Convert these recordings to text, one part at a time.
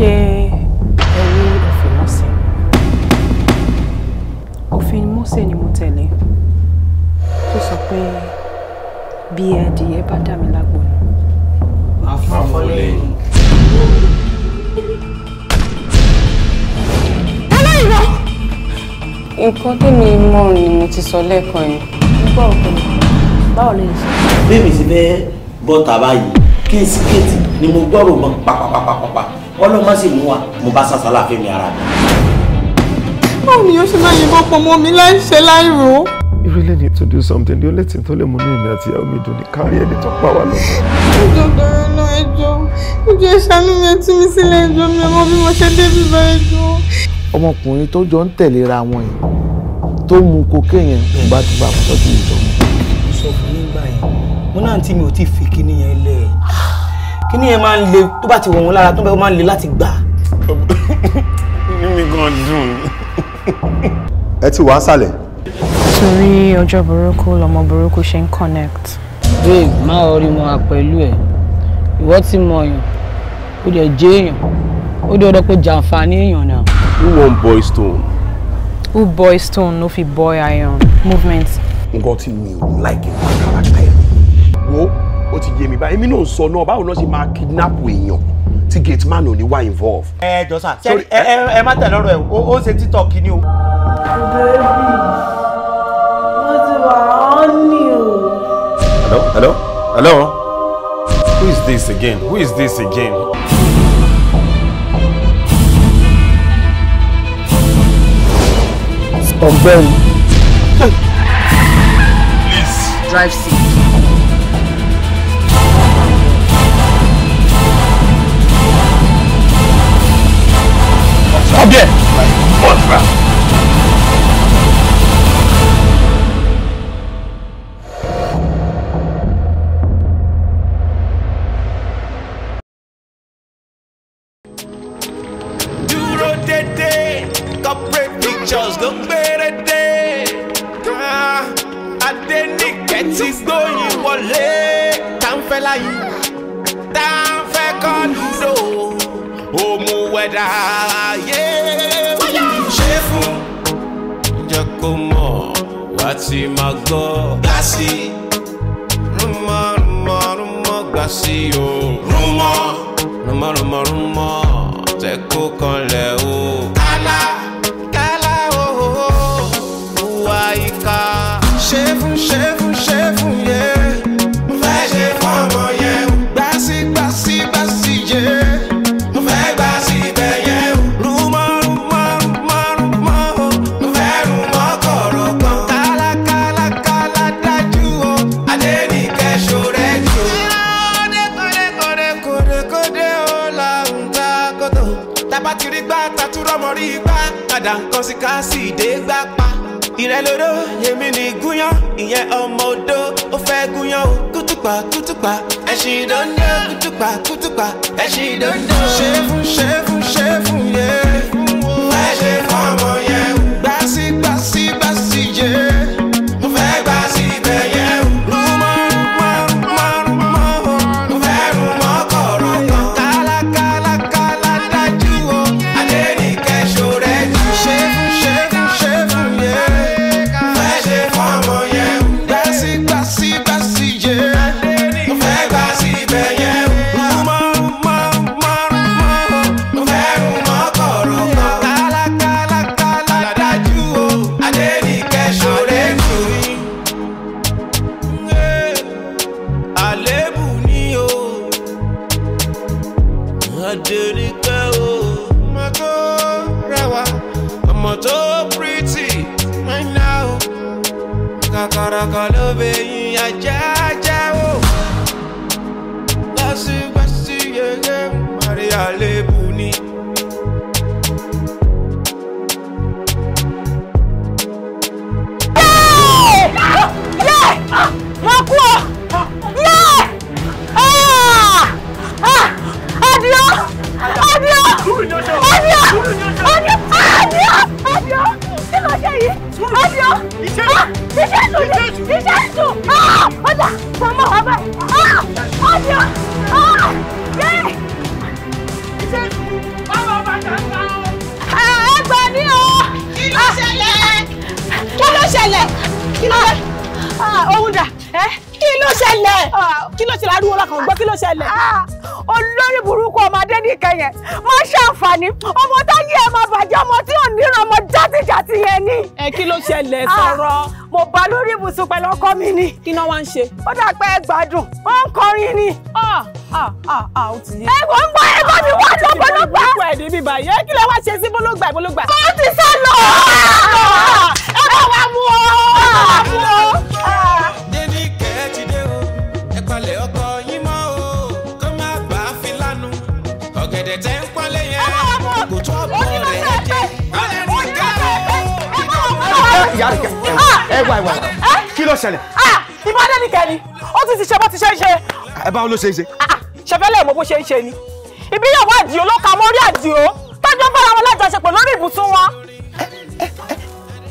ṣé ẹ rí òfin Mósè òfin Mósè ni mo tẹ̀lé tó sọ pé bí adìyẹ bá dà mí lágbo nù. àfọwọ́lẹ́yìn. aláìlọ. nǹkan tèmi mọ̀ ni mo ti sọ lẹ́ẹ̀kan yẹn. gbọ́ òkè báwo lè ṣe. bẹ́ẹ̀ mi sì fẹ́ bọ́ta báyìí kí n sì kéètì ni mo gbọ́rọ̀ mọ́ pàpàpàpàpà ọlọ́mọ sì mú wa mo bá sàṣàlà fẹ́mi ara mi. báwo ni o ṣe máa yìnbọn pọ̀ mọ́ mi láì ṣe láì rò ó. You really need to do something. The only thing tó lè mú ní èmi àti ìyàwó mi dùn ni kárí ẹni tó pa wá lọ́wọ́. ẹjọ́ bẹ̀rẹ̀ lọ ẹjọ́ ojú ìṣàánú mi ẹtí mi sílẹ̀ ẹjọ́ mi ọmọ bí mo ṣe débi bá ẹjọ́. ọmọkùnrin tó jọ ń tẹ̀léra wọn yìí tó mu kokéè yẹn ló bá ti bá àpọ̀jù ìjọba. mo sọ fún yín gbà mo náà tí mi ò tí fi kíní yẹn lẹ kíní yẹn máa ń le tó bá ti wọ̀ wọ́n lára tó bá máa ń le láti gbà. mímí gan dùn. ẹ ti wàá sàlẹ̀. torí ọjọ́ burúkú lọmọ burúkú ṣe ń connect. babe má ọ rí mọ́ra pẹ̀lú ẹ̀ ìwọ ti mọ èèyàn ó dẹ̀ jẹ́ èèyàn ó dẹ̀ ọdọ́ pé jàǹfààní èèyàn náà. who wan boy stone. who boy stone no fit boy iron movement. nǹkan tí mi ò like it. wo ó ti yé mi báyìí èmi náà sọ náà báwo náà ṣe máa kidnap èèyàn tí gate man ò ní wá involve. ẹ jọ sá ẹ ẹ má tẹ̀lé ọ̀rọ̀ ẹ ó ṣe títọ̀ kínní o. bẹ́ẹ̀ni ti wà ọ́n o. hello hello hello who is this again who is this again. ọ̀gbẹ́ni. please drive safe. sígbó yìí wọlé tá ń fẹ́ láyé tá ń fẹ́ kọ́ lùdò òmùwẹ̀dà ayé. ṣé fún jẹ́ kó mọ̀ wá ti máa gbọ́ gásì rúmọ̀ rúmọ̀ rúmọ̀ gásì o rúmọ̀ rúmọ̀ rúmọ̀ rúmọ̀ kan lẹ́wọ̀. kásìdé gbá pa ìrẹ́lódó yèmí ni gúnyán ìyẹn ọmọ odó ó fẹ́ gúnyán o kútùpà kútùpà ẹ̀sìn ìdóńdó kútùpà kútùpà ẹ̀sìn ìdóńdó. ṣé fún ṣé fún ṣé fún yẹ. fẹ́ ṣe fún ọmọ yẹn. gbásí gbásí gbásí yẹ. ṣẹlẹ̀ ah. kí ló ṣẹlẹ̀ ariwo lákàn gbọ́ kí ló ṣẹlẹ̀. Ah. Ah. olórí burúkú ọmọ adẹ́nìkẹ́ yẹn má ṣàǹfààní ọmọ táyé ẹ máa bàjẹ́ ọmọ tí ò ní ọmọ játijàti yẹn ni. ẹ kí ló ṣẹlẹ̀ sọ̀rọ̀. mo bá lórí ibùsùn pẹ̀lú ọkọ mi ni. kí náà wá ń ṣe. ó dà pé ẹ gbádùn ó ń kọrin ni. ẹ̀gbọ́n ń gbọ́ ẹ̀gbọ́n mi wá lọ bọ́lọ́gbà. ó ti di bíbá yẹn kí lè wá ṣe sí bọ́lọ́gbà bọ́lọ́gbà. ó ti sá lọ. ẹ bá wa mú ọ. ẹ bá wa mú ọ. ìyá rẹ̀ ah! ẹ wá ẹ wá ah! kí ló ṣẹlẹ̀. Ah! ìbọn adẹ́nìkẹ́ ni ó ti ti ṣe bó ti ṣe ń ṣe. ẹ báwo ló ṣe ń ṣe. ṣẹfẹ́lẹ̀ mọ bó ṣe ń ṣe ni ìbíyàwó àdìo ló ka mórí àdìo tọ́jú bára wọn lájọṣepọ̀ lórí ibùsùn wọn.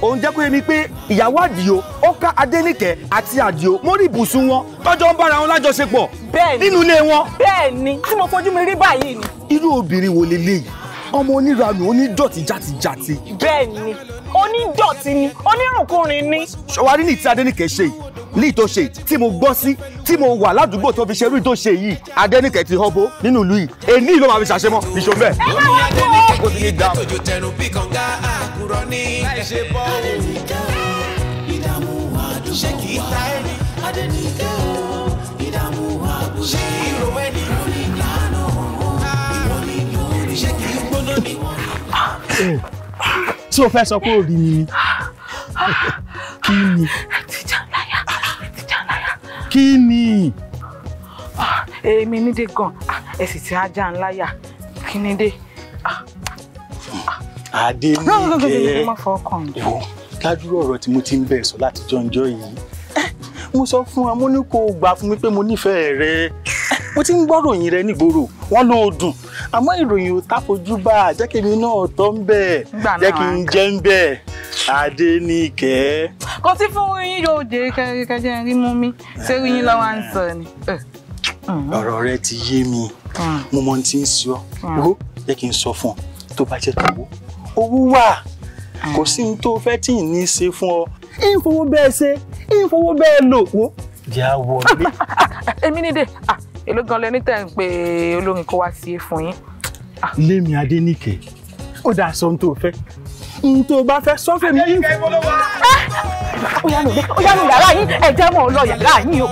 òun jẹ́ kó yé mi pé ìyàwó àdìo ó ká adẹ́nìkẹ́ àti àdìo mórí ibùsùn wọn tọ́jú ń bára wọn lájọṣepọ̀ nínú ilé wọn. bẹ́ẹ̀ ni tí mo fojú mi rí báyìí ni. irú obìnrin wo leléyìí ọmọ oníranù onídọ̀tí játijàti. bẹ́ẹ̀ ni onídọ̀tí ni onírùnkùnrin ni. ṣọwárí ní ìtí adénìkẹ́ ṣe yìí ní ìtò ṣe tí mo gbọ́ sí tí mo wà ládùúgbò tó fi ṣerú ìtò ṣe yìí adénìkẹ́ ti họ́bó nínú ìlú yìí èní ló máa fi ṣàṣemọ́ níṣó bẹ́ẹ̀. ẹ bá wà kó o. ó ti ní dáhùn. ètò ìjọtẹ̀rù bí kànga àkùrọ̀ ní bọ́ ṣé kì í ta ẹni. adénìkẹ́ o tí o fẹ́ sọ pé o rí mi ni kí ni. àtijọ́láyà àtijọ́láyà. kí ni. èmi nídé gan ẹ sì ti ajá ńláyà kí nídé. Adéníkẹ́ ìwọ ládùúrò ọ̀rọ̀ tí mo ti ń bẹ̀rẹ̀ sọ látijọ́ ńjọ́ yìí eh, mo sọ fún amúnikò gbà fún mi pé mo nífẹ̀ẹ́ rẹ mo ti ń gbọ́ ròyìn rẹ nígboro wọ́n ló dùn àmọ́ ìròyìn ò táfojú bá a jẹ́ kí mi náà tọ́ ń bẹ̀ jẹ́ kí n jẹ́ ń bẹ̀ Adéníkẹ́. kò sí fún yín yóò dé kẹjẹ rí mú mi ṣé yín lọ́wọ́ à ń sọ ni. ọ̀rọ̀ rẹ ti yé mi mo mọ ti ń sọ ọ́ jẹ́ kí n sọ fún ọ tó bá jẹ́ tòwó owó wà kò sí ní tó fẹ́ tí ì ní ṣe fún ọ ìfowó bẹ́ẹ̀ ṣe ìfowó bẹ́ẹ̀ lò wó. ìyá wọlé. èmi ni dé ah, èló gan lẹni tẹ̀ ń pe olórin kó wá sí fún yín. Ah. lémi adéníkè ó dáa sọ ohun tó fẹ́ ohun tó bá fẹ́ sọ fún mi. adéníkè ìbọn wa. Ah! ó yá nù yàrá yín ẹ̀jẹ̀ mọ̀ ọ́ lọ yàrá yín o.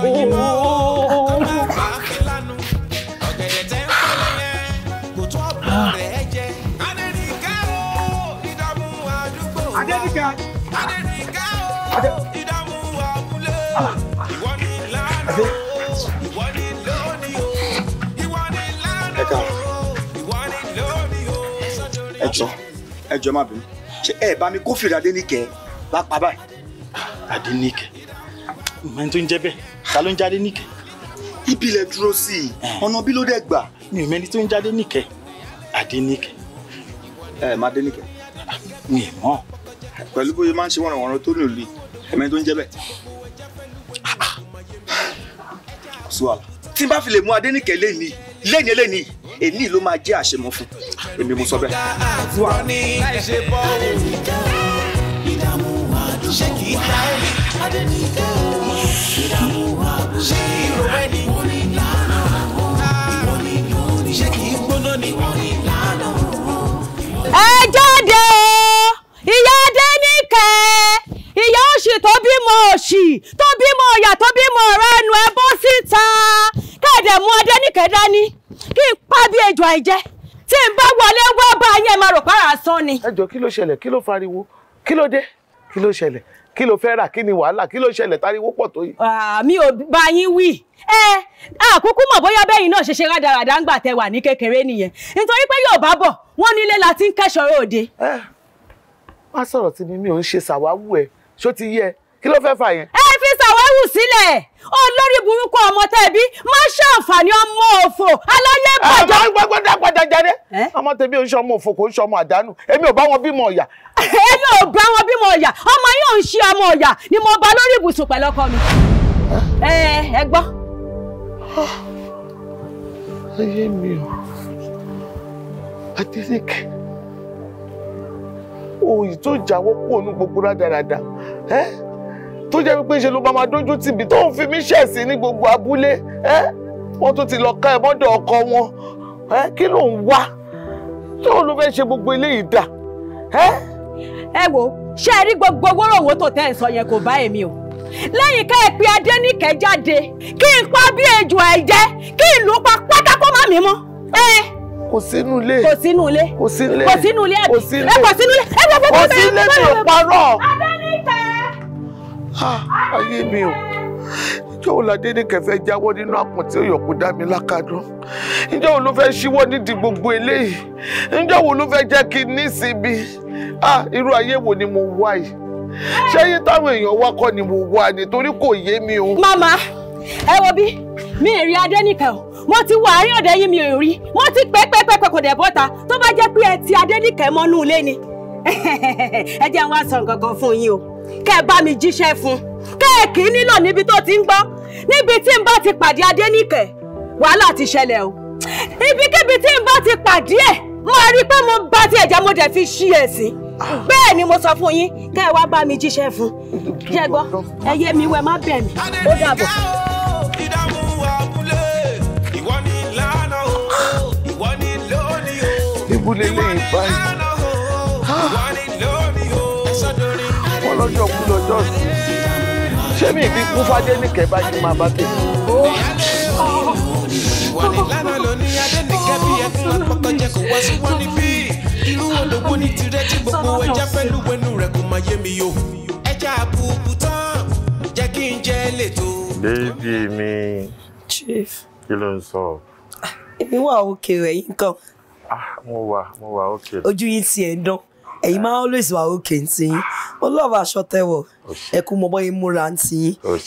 ẹjọ má bínú ṣe ẹ bá mi kófìrí adéníkẹ bá pa báyìí. adéníkẹ mọ ẹni tó ń jẹ bẹ́ẹ̀ ta ló ń jẹ adéníkẹ. ibi ilẹ̀ dúró sí i ọ̀nà bí ló dẹ̀ gbà. mi ò mẹni tó ń jẹ adéníkẹ adéníkẹ. ẹ má adéníkẹ. mi ì mọ. pẹ̀lú bóyá máa ń ṣe wọ̀nrọ̀wọ̀nrọ̀ tó ní òlì ẹ̀mẹ́ni tó ń jẹ bẹ́ẹ̀. Ah, ah. tí n bá fi lè mú adéníkẹ lẹ́ni lẹ́ni lẹ́ni èní ló máa jẹ́ àṣemọ fún èmi mo sọ bẹ́ẹ̀. ìdààmú wa dùn wá adẹ́nìkẹ́ o ìdààmú wa dùn wá ìrọ̀lẹ́ ni wọ́n ní lánàá wọ́n ní lónìí ṣé kì í gbóná ni wọ́n ní lánàá. ẹ jáde ìyá adẹ́nìkẹ́ ìyá òṣì tó bímọ òṣì tó bímọ ọ̀yà tó bímọ ọ̀rẹ́ ẹnu ẹ bọ́ síta káàdẹ̀ mú dání kí n pa bí ejò àìjẹ́ tí n bá wọlé wá bá yẹn máa rò para sán ni. ẹ jọ kí ló ṣẹlẹ̀ kí ló fariwo kí ló dé kí ló ṣẹlẹ̀ kí ló fẹ́ rà kí ni wàhálà kí ló ṣẹlẹ̀ táriwo pọ̀ tó yìí. mi ò bá yín wí ẹ àkókò mọ̀ bóyá bẹ́yìn náà ṣe ṣe rádaràdà ń gbà tẹ wà ní kékeré nìyẹn nítorí pé yóò bá bọ̀ wọ́n nílé la ti ń kẹ́ṣọ̀rọ̀ òde. ẹ má sọ̀rọ̀ tí mi mi ò ń ṣe ṣàwáwù ẹ ṣó ti yẹ kí ló fẹ́ fà yẹn. ẹ fi ṣàwáwù sílẹ̀ olórí burúkú ọmọ tẹ̀bí má ṣàǹfààní ọmọ òfò aláyé bàjẹ́. àwọn gbẹ́gbẹ́ dàgbà jẹjẹrẹ ọmọ tẹ̀bí ò ń ṣọmọ òfò kò ń ṣọmọ àdánù èmi ò bá wọn bímọ ọ̀yà. èmi ò bá wọn bímọ ọ̀yà ọmọ yóò ń ṣe ọmọ ọ̀yà ni mo bá lórí ibùsùn pẹ̀lú ọkọ mi. ẹ ẹ gbọ́. ayé mi ò àdéhìkì òòyì tó jáwọ́ kúrò ní gbogbo rádaràda ẹ́ tó jẹ́ wípé ṣe ló máa dójú tì mí tó ń fi mí ṣẹ̀sín ní gbogbo abúlé ẹ́ wọ́n tún ti lọ ká ẹ mọ́dọ̀ ọkọ wọn ẹ́ kí ló ń wá tó ló fẹ́ ṣe gbogbo eléyìí dà ẹ wo ṣé rí gbogbo wórówó tó tẹ́ ẹ̀ sọ yẹn kò bá èmi o lẹ́yìn ká ẹ pe adẹ́nìkẹ́ jáde kí n pa bí ejò ẹ̀ jẹ́ kí ìlú pa pátá kó má mi mọ́ kò sínú ilé kò sínú ilé kò sínú ilé kò sínú ilé kò sínú ilé ẹ kò sínú ilé ẹ kò sínú ilé mi ò parọ́. adẹ́nìkẹ́ ayé mi o ìjọ wo ládé ní kẹfẹ jáwọ́ nínú àpọ̀n tí òyò kò dá mi lákàdún ìjọ wo ló fẹ́ ṣíwọ́ nídìí gbogbo eléyìí ìjọ wo ló fẹ́ jẹ́ kí n nísinmi ah irú ayé wo ni mo wá yìí ṣé yín táwọn èèyàn wá kọ́ ni mo wá nítorí kò yé mi o. màmá ẹ wo bí mi ì rí adé nìkan o wọ́n ti wọ àárín ọ̀dẹ yìí mi ò rí wọ́n ti pẹ́pẹ́pẹ́pẹ́ kò dẹ̀ bọ́ta tó bá jẹ́ pé ẹ ti adé nìkan mọ́nú ilé ni ẹ jẹ́ wá sọ nǹkan kan fún yín o kẹ́ ẹ bá mi jíṣẹ́ fún kẹ́ ẹ kì í nílò níbi tó ti ń gbọ́ níbi tí n bá ti pàdé Adéníkẹ́ wàhálà ti ṣẹlẹ̀ o ibikíbi tí n bá ti pàdé ẹ̀ máa rí i pé mo bá tiẹ̀ jẹ́ mo dẹ̀ fi ṣí ẹ̀ sí bẹ́ẹ̀ ni mo sọ fún yín kẹ́ wá bá mi jíṣẹ́ fún jẹ́ gbọ́ ẹ mi wẹ́ má bẹ̀ mí ó dàbọ̀. ibùdó ilé ìbáyìí lọ́jọ́ kú lọ́jọ́ sí ṣé mi ìfi kú fájé nìkẹ́ bá yín máa bá tèmi. ìwà ló ní adẹ́nìkẹ́ bí ẹni àpọ́kànjẹ kò wá sí wọ́n níbí irú olówó ní tirẹ̀ tí gbogbo ẹja pẹ̀lú wẹnu rẹ̀ kò máa yé mi yó ẹja àbùkù tán jẹ́ kí n jẹ́ lètò. bébí mi kí ló ń sọ. èmi wà òkè rẹ̀ yín kan. Ah, mo wà mo wà òkè. ojú yín tiẹ̀ dán ẹ̀yin máa always wà òkè ntí mo love aṣọ tẹ́wọ̀ ẹ kú mọ bọ́yìí múra ntí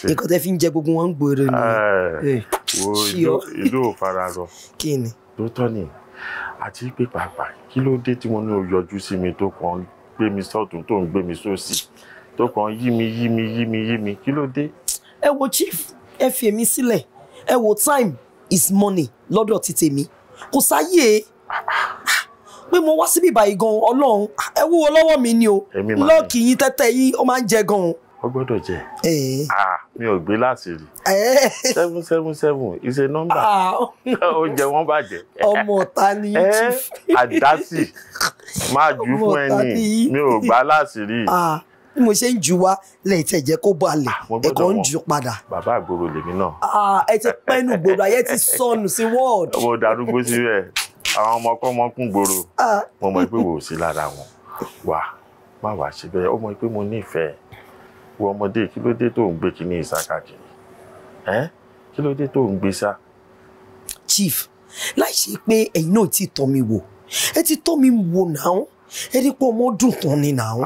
nǹkan tẹ́ fi ń jẹ gbogbo wọn gbòòrò ni. wo ìlú ò fara rọ kí ni. lóòótọ́ ni àti pé pàápàá kí ló dé tí wọ́n ní o yọjú sí mi tó kàn ń gbé mi sọ́tún tó ń gbé mi sósì tó kàn ń yí mi yí mi yí mi yí mi kí ló dé. ẹ wo chief ẹ fi èmi sílẹ̀ ẹ wo time is money lọ́dọ̀ ti tèmi kò sáyé. Ah, ah pé mo wá síbí báyìí gan ọlọ́run ah, ẹ wúwo lọ́wọ́ mi ni o lọ́ọ̀kì yín tẹ́tẹ́ yín ó máa ń jẹ gan ó gbọ́dọ̀ jẹ ah, mi ò gbé láti rí seven seven seven is a number ó jẹ wọ́n bàjẹ́ ọmọ ọ̀tá ni chief eh, àdásì máa jù fún ẹni mi ò gbá láti rí ah, bí mo ṣe ń jù wá lẹ́yìn tí ẹ̀jẹ̀ kó balẹ̀ ẹ̀kọ́ ń jù padà. bàbá àgbòrò lèmi náà. ẹ ti pẹ́nu gbòòrò ayé ti sọnù sí wọ́ọ̀dù. ọmọ darúgbó sí rẹ̀ àwọn ọmọ ọkọ ọmọ kún gbòòrò ah. mo mọ̀ pé wò ó sí lára wọn wà má wàá ṣe bẹ́ẹ̀ ó mọ̀ pé mo nífẹ̀ẹ́ wo ọmọdé kí ló dé tó ń gbé kíní ìsá káàkiri ẹ kí ló dé tó ń gbé sá. chief láì ṣe pé ẹ̀yin náà ti tọ́ mi wò ẹ ti tọ́ mi wò náà ẹni pé ọmọ dùn tán ni nà ah. ó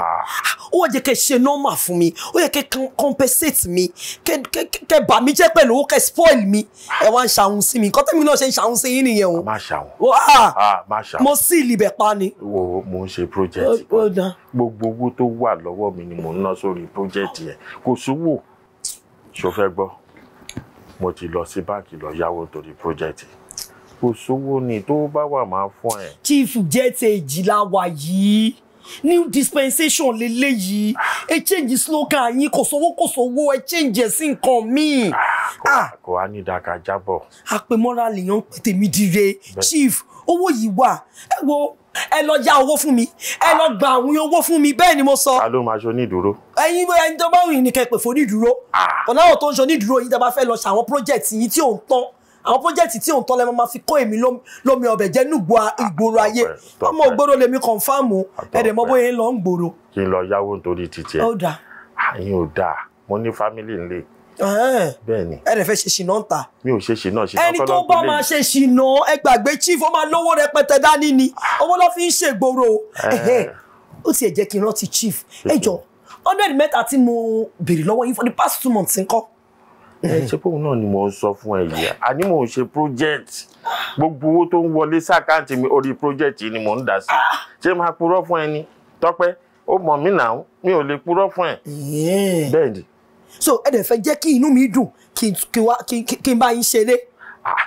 ó wà jẹ́ kẹ́ ṣe nọ́mà fún mi ó yẹ kẹ́ compensate mi kẹ́ bà mí jẹ́ pẹ̀lú ó kẹ́ spoil mi ẹ wá ń ṣàhùn sí mi nǹkan tẹ́mi náà ṣe ń ṣàhùn sí yín nìyẹn o má ṣàhùn ah, mo sì libẹ̀ pa ni. wo mo ń ṣe project gbogbo owó tó wà lọ́wọ́ mi ni mo ń ná sórí project yẹn kò sówó ṣo fẹ́ gbọ́ mo ti lọ sí báńkì lọ yáwó torí project yìí kò sówó ni tó bá wà máa fún ẹ. chief jẹ́tẹ̀ èjìlá wà yìí new dispensation leléyìí ẹ change slogan yín kò sówó kò sówó ẹ change ẹ sí nǹkan míì. kò á ah! ní ìdàkà jábọ̀. àpèmọ́ra lèèyàn ń pè tèmi dire chief owó yìí wà ẹ wo ẹ lọ yá owó fún mi ẹ lọ gba àwọn owó fún mi bẹ́ẹ̀ ni mo sọ. ta ló máa ṣe onídùúró. ẹyin ẹni tó bá wù yín ni kẹ́ pè fún onídùúró. Ah! ọ̀nà tó ń ṣe onídùúró yìí tẹ́ bá fẹ́ lọ ṣe project yìí tí ò ń tán àwọn pọ́jẹ́tì tí òun tọ́ lẹ́mọ́ máa fi kó èmi lómi ọbẹ̀ jẹ́ nùgbọ́ ah, ìgboro ayé ọmọ ògbóró lèmi kọ̀ǹfàmù ẹ̀dẹ̀ mọ́ bóyá ń lọ ń gbòòrò. kí n lọ yáwó nítorí títí ẹ ó dáa àyìn ah, ò dáa mo ní fámílì ńlẹ̀ bẹ́ẹ̀ni ẹ rẹ̀ fẹ́ ṣe ṣìnà ń ta mi ò ṣe ṣìnà ṣìnà ẹni tó bá máa ṣe ṣìnà ẹ gbàgbé chief ó máa lówó rẹpẹtẹ dání ni ah. owó ló fi ń ṣègboro eh. ó tiẹ̀ jẹ́ kí n rántí chief ẹ jọ hundred mẹ́ta tí mo béèrè lọ́wọ́ yín for the past two months ńkọ́ ẹ ṣe pòun náà ni mo sọ fún ẹ yìí àní mò ń ṣe project gbogbo owó tó ń wọlé sàkáǹtì mi orí project yìí ni mò ń dà sí ṣé máa purọ́ fún ẹ ni tọ́pẹ́ ó mọ̀ mí náà mi ò lè purọ́ fún ẹ. bẹ́ẹ̀ ni. so ẹ dẹ̀ fẹ́ jẹ́ kí inú mi dùn kí n bá yín ṣeré.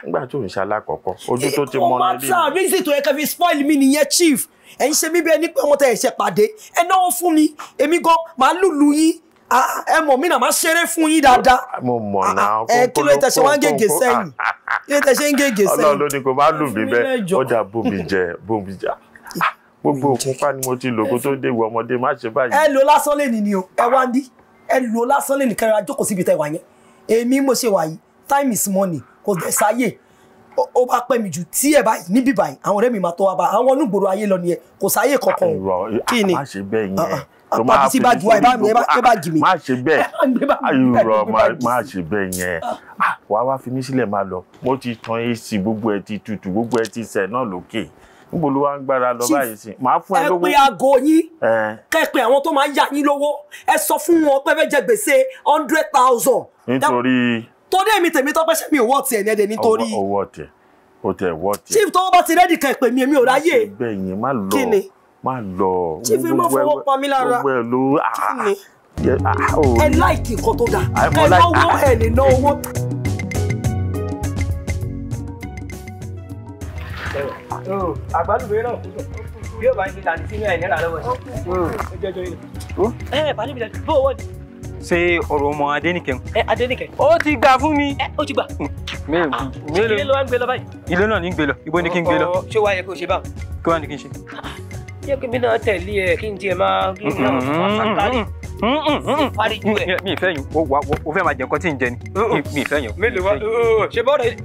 nígbà tó ń ṣe alákọ̀ọ́kọ́ ojú tó ti eh, mọ ní ilé. ọmọ àti reason tó yẹ fi spoil mi nìyẹn chief ẹ̀ ń ṣe mí bẹ́ẹ̀ nípa ọmọ tẹ̀ ẹ̀ ṣe pàdé ẹ̀ náwó fún mi èmi gan màá lùlù yín Ah, ẹ mọ̀ mí náà má ṣeré fún yín dáadáa. mo mọ̀ náà kó kó kó kó kó kí ló tẹ̀sẹ̀ wá ń gègé sẹ́yìn kí ló tẹ̀sẹ̀ ń gègé sẹ́yìn. ọlọ́run ló ní kó má lù mí bẹ́ẹ̀ ọjà bòmí jẹ bòmí jà ah, gbogbo òkúpa ni mo ti lò kó tó dé ìwọ ọmọdé má ṣe báyìí. ẹ lo lásán lè nìyí o ẹ wá ń dí ẹ lo lásán lè nìkan ra jókòó síbi tẹ wà yẹn èmi mo ṣe wà time is money kò dẹ̀ sáyè ó bá pẹ́ mi jù tí ẹ báyìí níbí báyìí àwọn ọ̀rẹ́ mi máa tọ́ wa bá àwọn onúgbòrò ayé lọ nìyẹn kò sáyè kankan. kí ni a ṣe bẹ́ẹ̀ yẹn ah, tó máa fi ṣe ah, má ṣe bẹ́ẹ̀ ayúrọ̀ má ṣe bẹ́ẹ̀ yẹn ah. ah, wàá wá fi mí sílẹ̀ máa lọ mo ti tan ac gbogbo ẹ ti tutù gbogbo ẹ ti sẹ̀ náà lókè níbo ló wá ń gbára lọ báyìí sí màá fún ẹ lówó ẹ pe aago yín kẹ pe àwọn tó máa ń yá yín lówó ẹ sọ fún wọn pé fẹ́ gbèsè hundred thousand. nítorí tó dé mi tèmi tọ́pẹ́ sẹ́mi òwò ọ̀tì ẹ̀ ní ẹ̀dẹ̀ nítorí ọwọ́ ọ̀tì ó tẹ̀ wọ́ ọ̀tì. chief tọwọ́ bá ti rẹ́dì kan ìpè mi èmi ò ráyè. má ṣe bẹ́ẹ̀ yẹn má lọ má lọ. chief ẹ má fọwọ́ pa mí lára gbogbo ẹ ló ah, ah, ah, oh. ẹ láìkì nǹkan tó dáa ẹ náwó ẹ lè ná owó. àgbálùmí náà bí hmm. ó bá ń ṣe tàbí sínú ẹ̀ nílà lọ́wọ́ ṣe. ẹ pàdé mi lẹ́nu bó wọ́n ni ṣe ọ̀rọ̀ ọmọ Adénìkẹ́ ń. ẹ Adénìkẹ́. ó ti gbà fún mi. ẹ ó ti gbà. Hmm. mélòó. ilé ló wá ń gbé lọ báyìí. ilé náà ní gbé lọ ibo ni kí n gbé lọ. ṣé wàá yẹ kó o ṣe báwọn. kí wàá ní kí n ṣe jẹ́ pé mi náà tẹ̀lé ẹ kí n tiẹ̀ máa kí n náà fàṣàkárì fáríjú ẹ. mi ìfẹ́ yìí o wa o fẹ́ máa jẹ nǹkan tí n jẹ ni mi ìfẹ́ yìí. mélòó wa ṣe bọ́ọ̀rọ̀ yìí.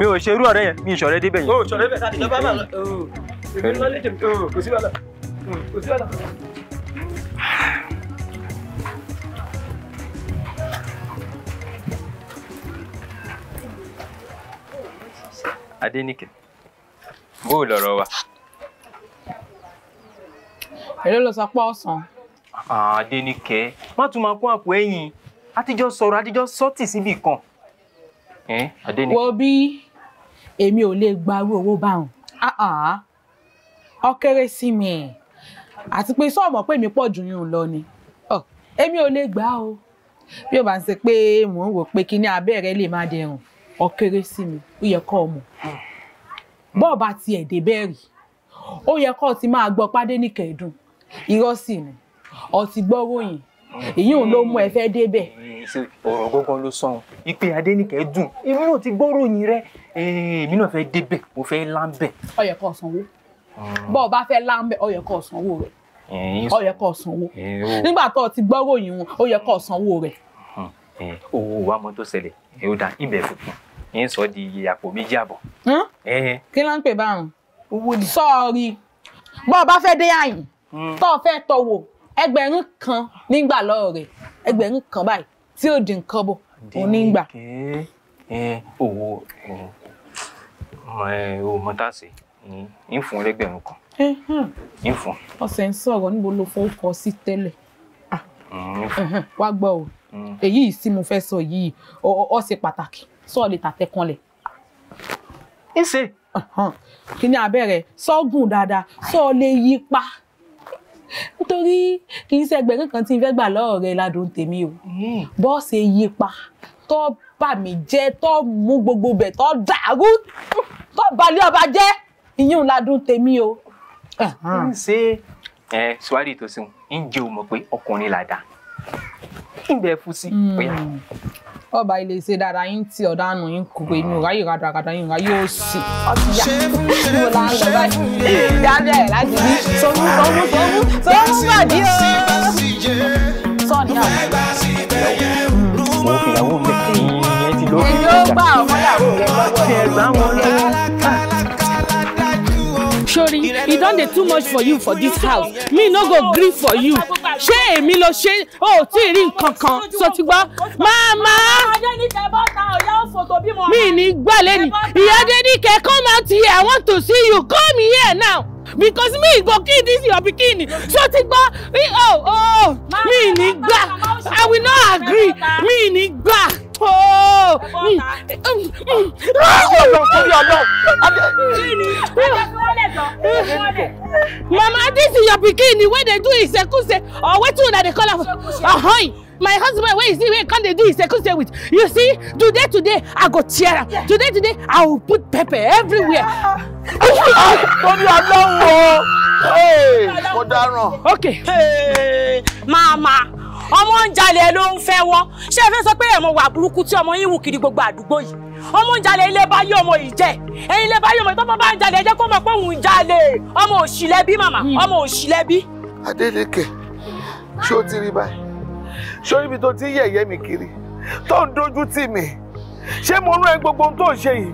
mi ò ṣe irú ọ̀rẹ́ yẹn mi ì ṣọ̀rẹ́ débẹ̀ yẹn. o oh, ṣọ̀rẹ́ bẹ̀ sáà ìjọba máa kò sí wàhálà mm, kò sí wàhálà. Adéníkẹ́ bó lọ̀rọ̀ wa. Èló ló sọ pé ọ̀sán. Ah, Adéníkẹ́, má tún máa kún àpò ẹ̀yìn. Àtijọ́ sọ̀rọ̀ àtijọ́ sọ́tì síbì kan. Adéníkẹ́. Wo bí èmi ò lè gba irú owó báwọn. Ah, ah. Ó kéré sí mi àti pé sọ́ọ̀mọ̀ pé mi pọ̀ jù yín lọ ni. Oh, èmi ò lè gbà o. Bí ó bá ń ṣe pé mò ń wò pé kíní abẹ́rẹ́ lè má dẹrùn, ó sí mi, ó yẹ kọ́ ọ mọ̀. Hmm. Bọ́ọ̀ bá tiẹ̀ dé bẹ́ẹ̀ rí ó yẹ kó ti máa gbọ́ pàdé ní kẹ̀ẹ́dùn irọ́ sì ni ọtí gbọ́ ròyìn ìyún ló mú ẹ fẹ́ débẹ̀. ọ̀rọ̀ gọ́gọ́ ló sọ̀hún ìpè adẹ́nìkẹ́ dùn èmi náà ti gbọ́ ròyìn rẹ èmi náà fẹ́ débẹ̀ mo fẹ́ láńbẹ̀. ó yẹ kó sanwó bọ́ ọ bá fẹ́ láńbẹ̀ ó yẹ kó sanwó rẹ̀ ó yẹ kó sanwó nígbà tó o ti gbọ́ ròyìn wọn ó yẹ kó sanwó rẹ̀. owó wa mọ tó ṣẹlẹ̀ ẹ ó dá ibẹ̀ fún un ẹ ń sọ di iye àpò méjì àbọ̀. kí ló ń pè báwọn owó bọ́ ọ bá fẹ́ dé àyìn hmm. tọ́ ọ fẹ́ tọ̀wọ̀ ẹgbẹ̀rún kan nígbà lọ́ọ̀ rẹ̀ ẹgbẹ̀rún kan báyìí tí ò dín nǹkan bò òun nígbà. owó owó mọ́tàsí ń fún ẹlẹ́gbẹ̀rún kan ń fún. ọ̀sẹ̀ ń sọ̀rọ̀ níbo ló fọwọ́kọ sí tẹ́lẹ̀ ah. hmm, wá gbọ́ o hmm. èyí sì mo fẹ́ sọ yìí ó pàtàkì sọ̀ọ́ lè tàtẹ́kanlẹ̀. ń ṣe kíní abẹ́rẹ́ sọ́gùn dáadáa sọ lè yí pa nítorí kì í ṣe ẹgbẹ̀rún kan tí n fẹ́ gbà lọ́rọ̀ rẹ ládùn tèmi o hmm. bọ́ọ̀sì e yí pa tó bà mí jẹ́ tó mú gbogbo bẹ̀ tó dàrú tó balẹ̀ ọba jẹ́ ìyún ládùn tèmi o. ṣé ẹ ṣùwárí tó ṣeun ń jẹ́ o mọ̀ pé ọkùnrin làdá ń bẹ fún sí. Hmm ọba ilé ṣe dáadáa yín tí ọ̀dà nù yín kò pé mi ò ráyè rádaràdà yín ráyè ó sì ọtí yá tí mo láń lọ báyìí ìyá bẹ̀rẹ̀ láti rí sọmú sọmú sọmú sọmú bàdí o sọ́ọ̀ni àwọn ìyàwó ìyàwó mi èyí ó gbà ọmọ ìyàwó rẹ lọ́wọ́ ẹ̀ gbà wọn lọ́wọ́ sori e don dey too much for you for dis house me no go gree for you ṣé èmi ló ṣe o tí ì rí nǹkan kan so ti gbọ́ mama mi ní gbà lẹ́nu ìyá Adéníkẹ́ come out here I want to see you come here now because me go kill this your pikin so mi oh oh mi ní gbà I will not agree mi ni gbà. Mama, this is your The way they do is sekuse. Or what you do they call it? Ahoy. My husband, where is he? Where can they do his sekuse with? You see, today, today, I go tear up. Today, today, I will put pepper everywhere. Torí Ọlọ́run o! Mo dáràn. Okay. Hey, Mama ọmọ ń jalè ló ń fẹ́ wọ́n ṣé ẹ fẹ́ sọ pé ẹ̀mọ wà burúkú tí ọmọ yín wù kiri gbogbo àdúgbò yìí ọmọ ń jalè ilé bá yé ọmọ yìí jẹ ẹ̀yin ilé bá yé ọmọ yìí tọ́pọ̀ bá ń jalè ẹ jẹ́ kó mọ̀ pé òun ń jalè ọmọ òṣìlẹ́bí màmá hmm. ọmọ òṣìlẹ́bí. Adélékè ṣé o ti rí báyìí ṣé ibi tó ti yẹ̀yẹ́ mi kiri tó ń dojú tì mí ṣé mo rán ẹ gbogbo ohun tó ń ṣe yìí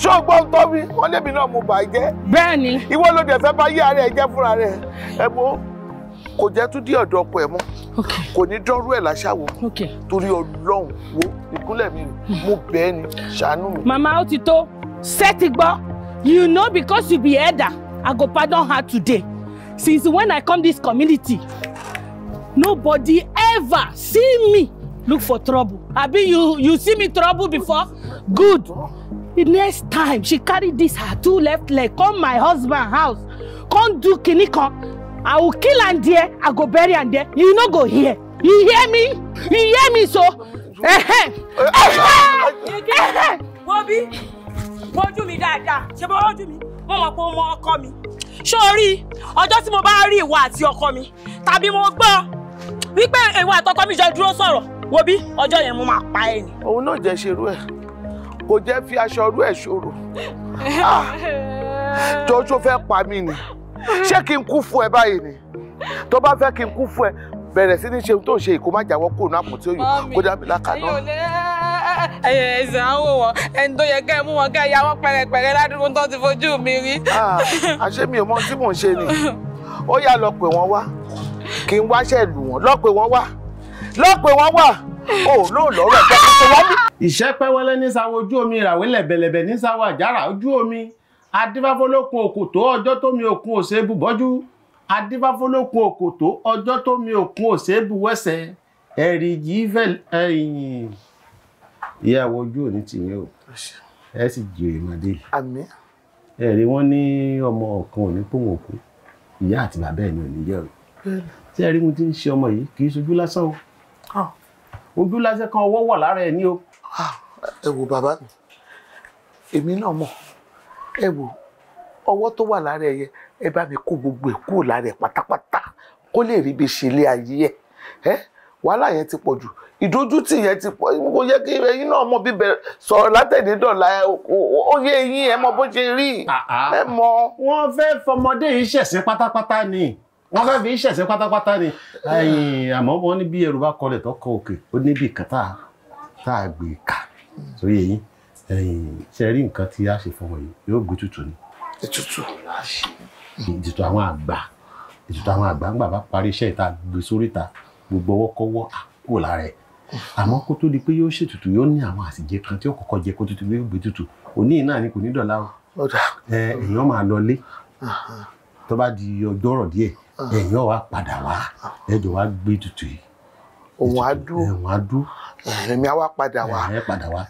ṣé o gbọ́ tọ́ mi wọ́n lébi náà mo bàjẹ́. bẹ́ẹ̀ ni ìwọ ló dẹ̀ fẹ́ bá yé ara ẹ jẹ́ fúnra rẹ̀ ẹ̀ bó kò jẹ́ tún dí ọ̀dọ̀ ọkọ ẹ̀ mọ́ kò ní dọ́rú ẹ̀ láṣàwò torí ọlọ́run wo ìkúnlẹ̀ mi hmm. mo bẹ́ẹ̀ ni ṣàánú mi. mama ó ti tó sẹ́ẹ̀tì gbọ́ you know because you be elder i go pardon her today since when i come this community nobody ever see me look for trouble abi you you see me trouble before good the next time she carry this her two left leg come my husband house come do kini i will kill am there i go bury am there you no go hear you hear me you hear me so. wo bí wojú mi dáadáa ṣe bó wojú mi mo mọ̀ pé ó mọ ọkọ mi ṣó rí ọjọ́ tí mo bá rí ìwọ àti ọkọ mi tàbí mo gbọ́ wípé ìwọ àtọkọ mi jọ dúró sọ̀rọ̀ wo bí ọjọ́ yẹn mo máa pa ẹ ni. òun náà jẹ́ ṣerú ẹ̀ kò jẹ́ fi aṣọ rú ẹ̀ ṣòro ah. jọ́jọ́ fẹ́ pa mí ni ṣé kí n kú fún ẹ báyìí ni tó bá fẹ́ kí n kú fún ẹ bẹ̀rẹ̀ sí ní ṣe tó ń ṣe ìkó má jáwọ́ kó nu àpótí òyò kó dábì lákàná. ẹyẹ ẹsẹ àwọn wọn ẹni tó yẹ kẹ mú wọn kẹ ya pẹrẹpẹrẹ ládùúgbò tó ti fojú mi rí. Ah, àṣé mi ò mọ tí mò ń ṣe ni ó yá lọ pè wọn wá kí n wáṣẹ lù wọn lọ pè wọn wá lọ pè wọn wá ò lóò lọ́rọ̀ ẹ kókó wọn. ìṣẹ́pẹ́wẹ́lẹ́ ní sáwọ́ ojú omi ìràwé lẹ̀bẹ̀lẹ̀bẹ̀ ní sáwọ́ àjàrà ojú omi adífáfólókun òkòtó ọjọ́ tó mi òkun òsè é bu bọ́jú adífáfólókun òkòtó ọjọ́ tó mi òkun òsè é bu wẹ́sẹ̀ ẹ̀rì yìí fẹ́ ẹ̀yìn ìyàwó ojú òní tìyẹn o ẹ sì jèrè màdé àmín ẹ̀rí wọ́n ní ọmọ ọ̀kan òní pòun òkú ìyá àti bàbá ẹ̀ ní òní jẹ́ o tí ẹ̀rí mo ti ń ṣe ọmọ yìí kì í ṣojú lásán o ah. ojú lásán kan ọwọ́ wà lára ẹ̀ ní o. Ah, ẹ wo bàbá mi èmi náà mọ̀ ẹ wò ọwọ́ tó wà lára ẹyẹ ẹ bá mi kó gbogbo ẹ̀ kúrò lára ẹ̀ pátápátá kó lè rí bí ṣe ilé ayé ẹ̀ ẹ́ wàhálà yẹn ti pọ̀ jù ìdójútì yẹn ti pọ̀ kò yẹ kí ẹ̀yin náà mọ bíbẹ sọ̀rọ̀ látẹ̀dẹ́dọ̀la ó yé eyín ẹ mọ bó ṣe rí ẹ mọ. wọ́n fẹ́ fọmọdé yìí ṣẹ̀sìn pátápátá ni wọ́n fẹ́ fi ṣẹ̀sìn pátápátá ni àmọ́ wọ́n ní bí ẹrù bá kọlẹ̀ tó kọ òkè ó níbi kan tá a gbé ká sórí eyín ṣe rí nǹkan tí a ṣe fọmọ yìí yóò gbé tutù ni. ètùtù la àwọn àgbà ètùtù àwọn àgbà ń bàbá parí iṣẹ́ ìta gbé sórí ìta gbogbo ọwọ́ kọ́wọ́ àpò lára ẹ̀ àmọ́ kó tó di pé yóò ṣètùtù yóò ní àwọn àsìjẹ kan tí ó kọ́kọ́ jẹ kó tutù yóò gbé tutù òní náà ni kò ní dọ̀la o èèyàn máa lọ lé tó bá di ọjọ́rọ̀ díẹ̀ èèyàn wá padà wá ẹjọ́ wá gbé tutù yìí òun á dú òun á dú èmi á wá padà wá ẹ padà wá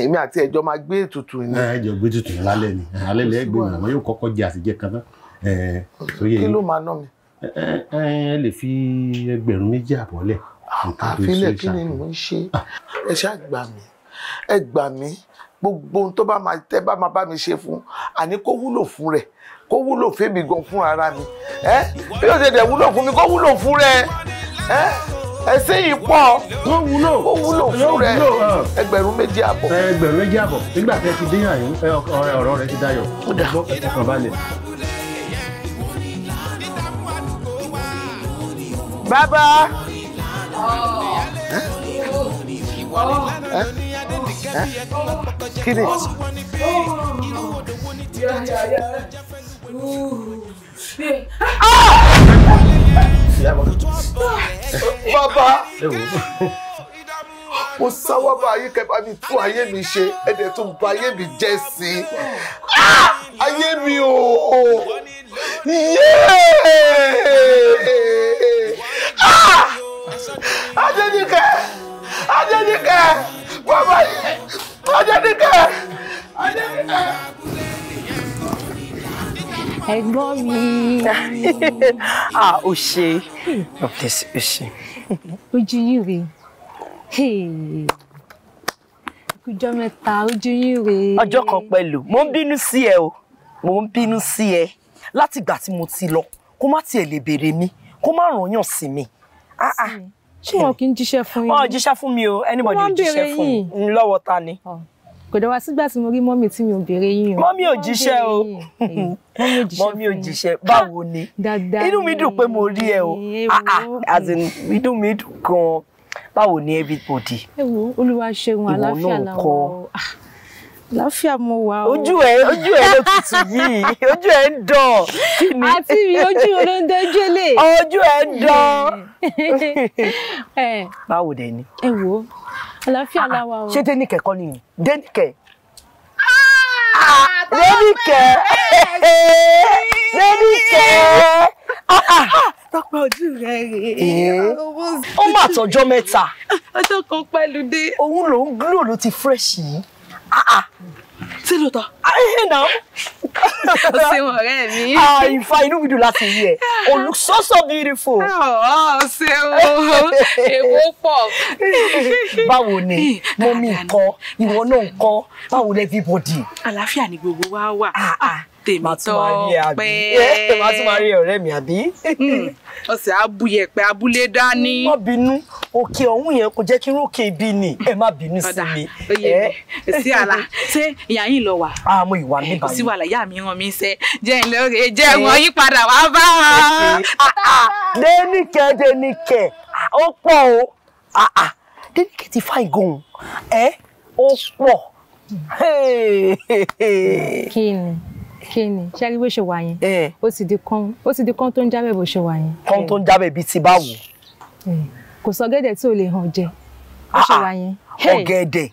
èmi àti ẹjọ máa gbé ètùtù ni. ẹ jọ gbé ètùtù ni lálẹ́ ni alẹ́ lẹ gbé ìrànwọ yóò kọ́kọ́ jẹ àtijẹ kan náà. kí ló máa ná mi. ẹ lè fi ẹgbẹ̀rún méjì àbọ̀ lẹ̀. Ah, kí ni mò ń ṣe ẹ ṣáà gbà mí ẹ gbà mí gbogbo ohun tó bá máa tẹ bá máa bá mi ṣe fún àní kó wúlò fún rẹ kó wúlò fún èmi gan fún ara mi ẹ bí ó ṣe dẹ̀ wúlò fún mi kó wúlò fún rẹ ẹ ẹsẹ̀ yìí pọ̀ ó wúlò ó wúlò fún rẹ ah. ẹgbẹ̀rún méjì àbọ̀. ẹgbẹ̀rún méjì àbọ̀ nígbà tẹ́ ti dín àyún ọ̀rọ̀ rẹ ti dayọ̀ ó kàn balẹ̀. bàbá. kí ni. Ah! Baba, mo sáwọ́ bá ayé kẹ́ bá mi tún ayé mi ṣe ẹ̀dẹ̀ tó ń ba ayé mi jẹ́ sí i ah! ayé mi ò Adéníkẹ́ ah! Adéníkẹ́ bàbá yìí Adéníkẹ́ ẹ̀gbọ́n mi. ah o ṣe god bless you o ṣe. ojú yín rèé ọjọ́ mẹ́ta ojú yín rèé. ọjọ́ kan pẹ̀lú mo ń bínú sí ẹ o mo ń bínú sí ẹ láti ìgbà tí mo ti lọ kó má tiẹ̀ lè béèrè mi kó má ràn yàn sí mi. Ah, ah. ṣé wọn kì í jíṣẹ́ fún yín. wọn ò jíṣẹ́ fún mi o anybody ò jíṣẹ́ fún mi lọ́wọ́ ta ni. Oh kò dẹ̀ wá sígbà tí mo rí mọ́mì tí mi ò béèrè yín o. mọ́mì ò jíṣẹ́ o mọ́mì ò jíṣẹ́ báwo ni inú mi dùn pé mo rí ẹ o ah, ah, inú mi dùn gan-an báwo ni everybody. ẹ wo olúwa ṣeun àlàáfíà ah, làwọn láfíà mo wà o. ojú ẹ ojú ẹ ló tutù yìí ojú ẹ ń dán. àti mi ojú ló ń dojú lè. ojú ẹ ń dán. Eh. báwo dẹ̀ ni. ẹ wo àlàáfíà ah, làwà o. ṣé dénìkẹ́ kọ́ nìyẹn dénìkẹ́. Ah, ah, dénìkẹ́ dénìkẹ́ tọpẹ ojú rẹ rèé. Eh, ó mà tọjọ́ mẹ́ta. ọjọ́ kan pẹ̀lú dé. òun lòún gúlò ló ti fresh yìí ṣé lóòótọ́. ayé náà. o ṣeun ọ̀rẹ́ mi. àìfà inú mi dùn láti rí ẹ o look so so beautiful. Oh, ṣeun èwo pọ̀. báwo ni mo mi ń kọ́ ìwọ náà ń kọ́ báwo lẹ́bí bọ́dì. àlàáfíà ni gbogbo wa wà. Ah, ah tèmi tó pé màá tún máa rí ọ̀rẹ́ mi àbí. Hmm. ọ̀sẹ̀ abuyẹ̀ pé abúlé dání. má bínú òkè ọ̀hún yẹn kò jẹ́ kí n rókè ibi ni ẹ má bínú sí mi. ọ̀dà sí àlà ṣé ìyá yín lọ wà. àmọ́ ah, ìwà mi báyìí. sí wàhálà ìyá mi ràn mí iṣẹ́ jẹ́ ìlọrin jẹ́ wọn yí padà wá bá wọn. Ah, ah. dénìkẹ́ dénìkẹ́ ó pọ̀ o dénìkẹ́ ti fa ìgòhùn ẹ ó pọ̀. kí ni kí ni ṣẹ́rí bó ṣe wà yẹn eh. ó ti di kán ó ti di kán tó ń jábẹ̀ bó ṣe wà yẹn. kán tó ń jábẹ̀ bíi ti báwo. Eh. kò sọ gẹ́dẹ̀ tí ò lè hàn jẹ bó ṣe ah, wà yẹn. Ah, ọ̀gẹ̀dẹ̀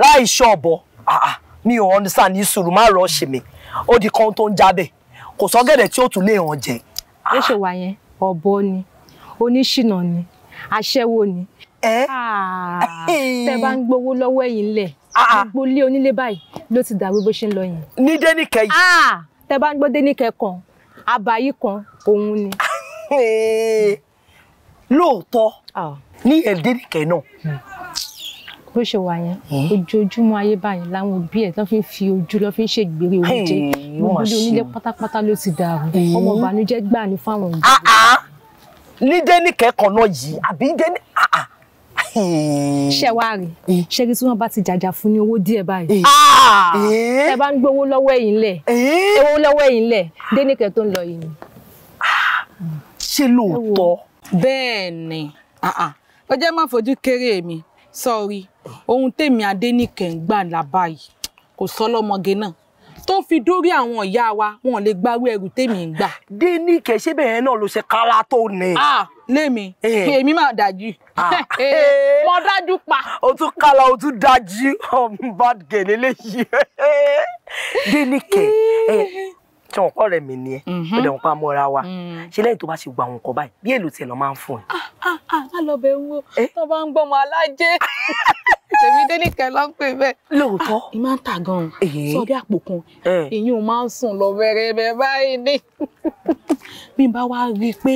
láì ṣọ̀bọ ah, mi ò understand ní sùúrù má rọ̀ ṣe mi ó di kán tó ń jábẹ̀ kò sọ gẹ́dẹ̀ tí ò tún lè hàn jẹ. bó ṣe wà yẹn ọ̀bọ ni oníṣìnà ni aṣẹ́wó ni. ẹ eh? tẹ bá ń gbowó lọ́wọ́ ẹ̀yìn lẹ̀ Ah, ah. gbogbo ilé onílé báyìí ló ti dàrú bó ṣe ń lọ yẹn. ní dénìkẹ́ yìí. Ah! tẹ bá ń gbọ́ dénìkẹ́ kan àbáyé kan òun ni. lóòótọ́ ní ẹ̀ dénìkẹ́ náà hmm. bó ṣe wà yẹn hmm. ojoojúmọ́ ayé báyìí láwọn òbí ẹ̀ tó fi ń fi ojú lọ fi ń ṣe ìgbèrè oúnjẹ gbogbo ilé onílé pátápátá ló ti dàrú hmm. ọmọ ìbànújẹ́ gbà ní fáwọn òbí. ní dénìkẹ́ kan náà yìí àbí dénì ṣe wá rí ṣe rí tí wọ́n bá ti jàjà fún ní owó díẹ̀ báyìí ẹ ah! bá ń gbowó lọ́wọ́ ẹ̀yìn lẹ̀ owó lọ́wọ́ ẹ̀yìn lẹ̀ dénìkẹ́ tó ń lọ yìí ni. ṣé lóòótọ́. bẹ́ẹ̀ ni ó ah, ah. jẹ́ má fojú kéré mi sọ́ọ́rí ohun tèmi adénìkẹ́ ń gbà lábá yìí kò sọ́lọ́mọge náà tó fi dórí àwọn ìyá wa wọn lè gbárù ẹrù tèmi ń gbà. dénìkẹ́ ṣé bẹ́ẹ̀ náà ló ṣe kálá tó ní lémi eh. èmi máa dájú ah, eh, eh. mo dájú pa. o tún kálá o tún dájú oh, bad girl eléyìí dénìkẹ ṣe wọn kọ rẹ mi ni ẹ mhm. ó dẹ̀ wọn pa mọ́ra wa mm. ṣe lẹ́yìn tó bá ṣe gba àwọn nǹkan báyìí bí èlò tiẹ̀ lọ máa ń fún ẹ. a ah, ah, lọ bẹ wo tó bá ń gbọmọ alájẹ èmi dénìkẹ ló ń pè bẹ́ẹ̀. lóòótọ́ ì máa ń tà gan-an sọdí àpò kan èyí ò máa ń sùn lọ bẹ̀rẹ̀ bẹ́ẹ̀ báyìí ni bí bá wá rí i pé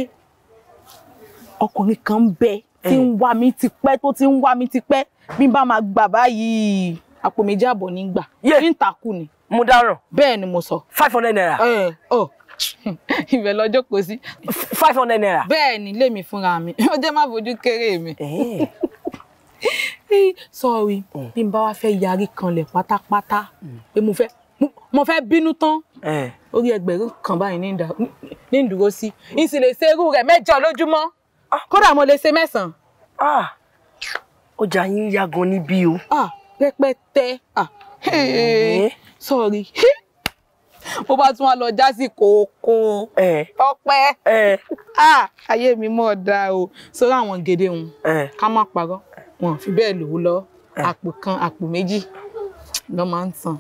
ọkùnrin kan ń bẹ tí ń eh. wá mi tipẹ́ tó ti ń wá mi tipẹ́ bí n bá máa gbà báyìí àpò méjì àbọ̀ ní gbà ní ìtàkù ni. mo dáràn. bẹ́ẹ̀ ni mo sọ. five hundred naira. ẹ eh, ọ ibẹ̀ kò sí. five hundred naira. bẹ́ẹ̀ ni lèmi fúnra mi ó jẹ́ má fojú kéré mi. Eh. sorry mm. bí n bá wá fẹ́ yarí kanlẹ̀ pátápátá mm. pé mo fẹ́ mo fẹ́ bínú tán orí ẹgbẹ̀rún kan báyìí ní ìdúró sí n sì lè ṣe irú rẹ̀ mẹ́jọ lójúmọ́. Ah. kódà mo lè ṣe mẹ́sàn-án. Ah. ọjà yín yá gan níbí o. rẹpẹtẹ ah, sọrí mo bá tún wá lọ já sí kòókò ọpẹ ayé mi mọ̀ dá o sórí àwọn gèdè wọn ká má parọ́ wọn fi bẹ́ẹ̀ lòó lọ àpò kan àpò méjì lọ máa ń tàn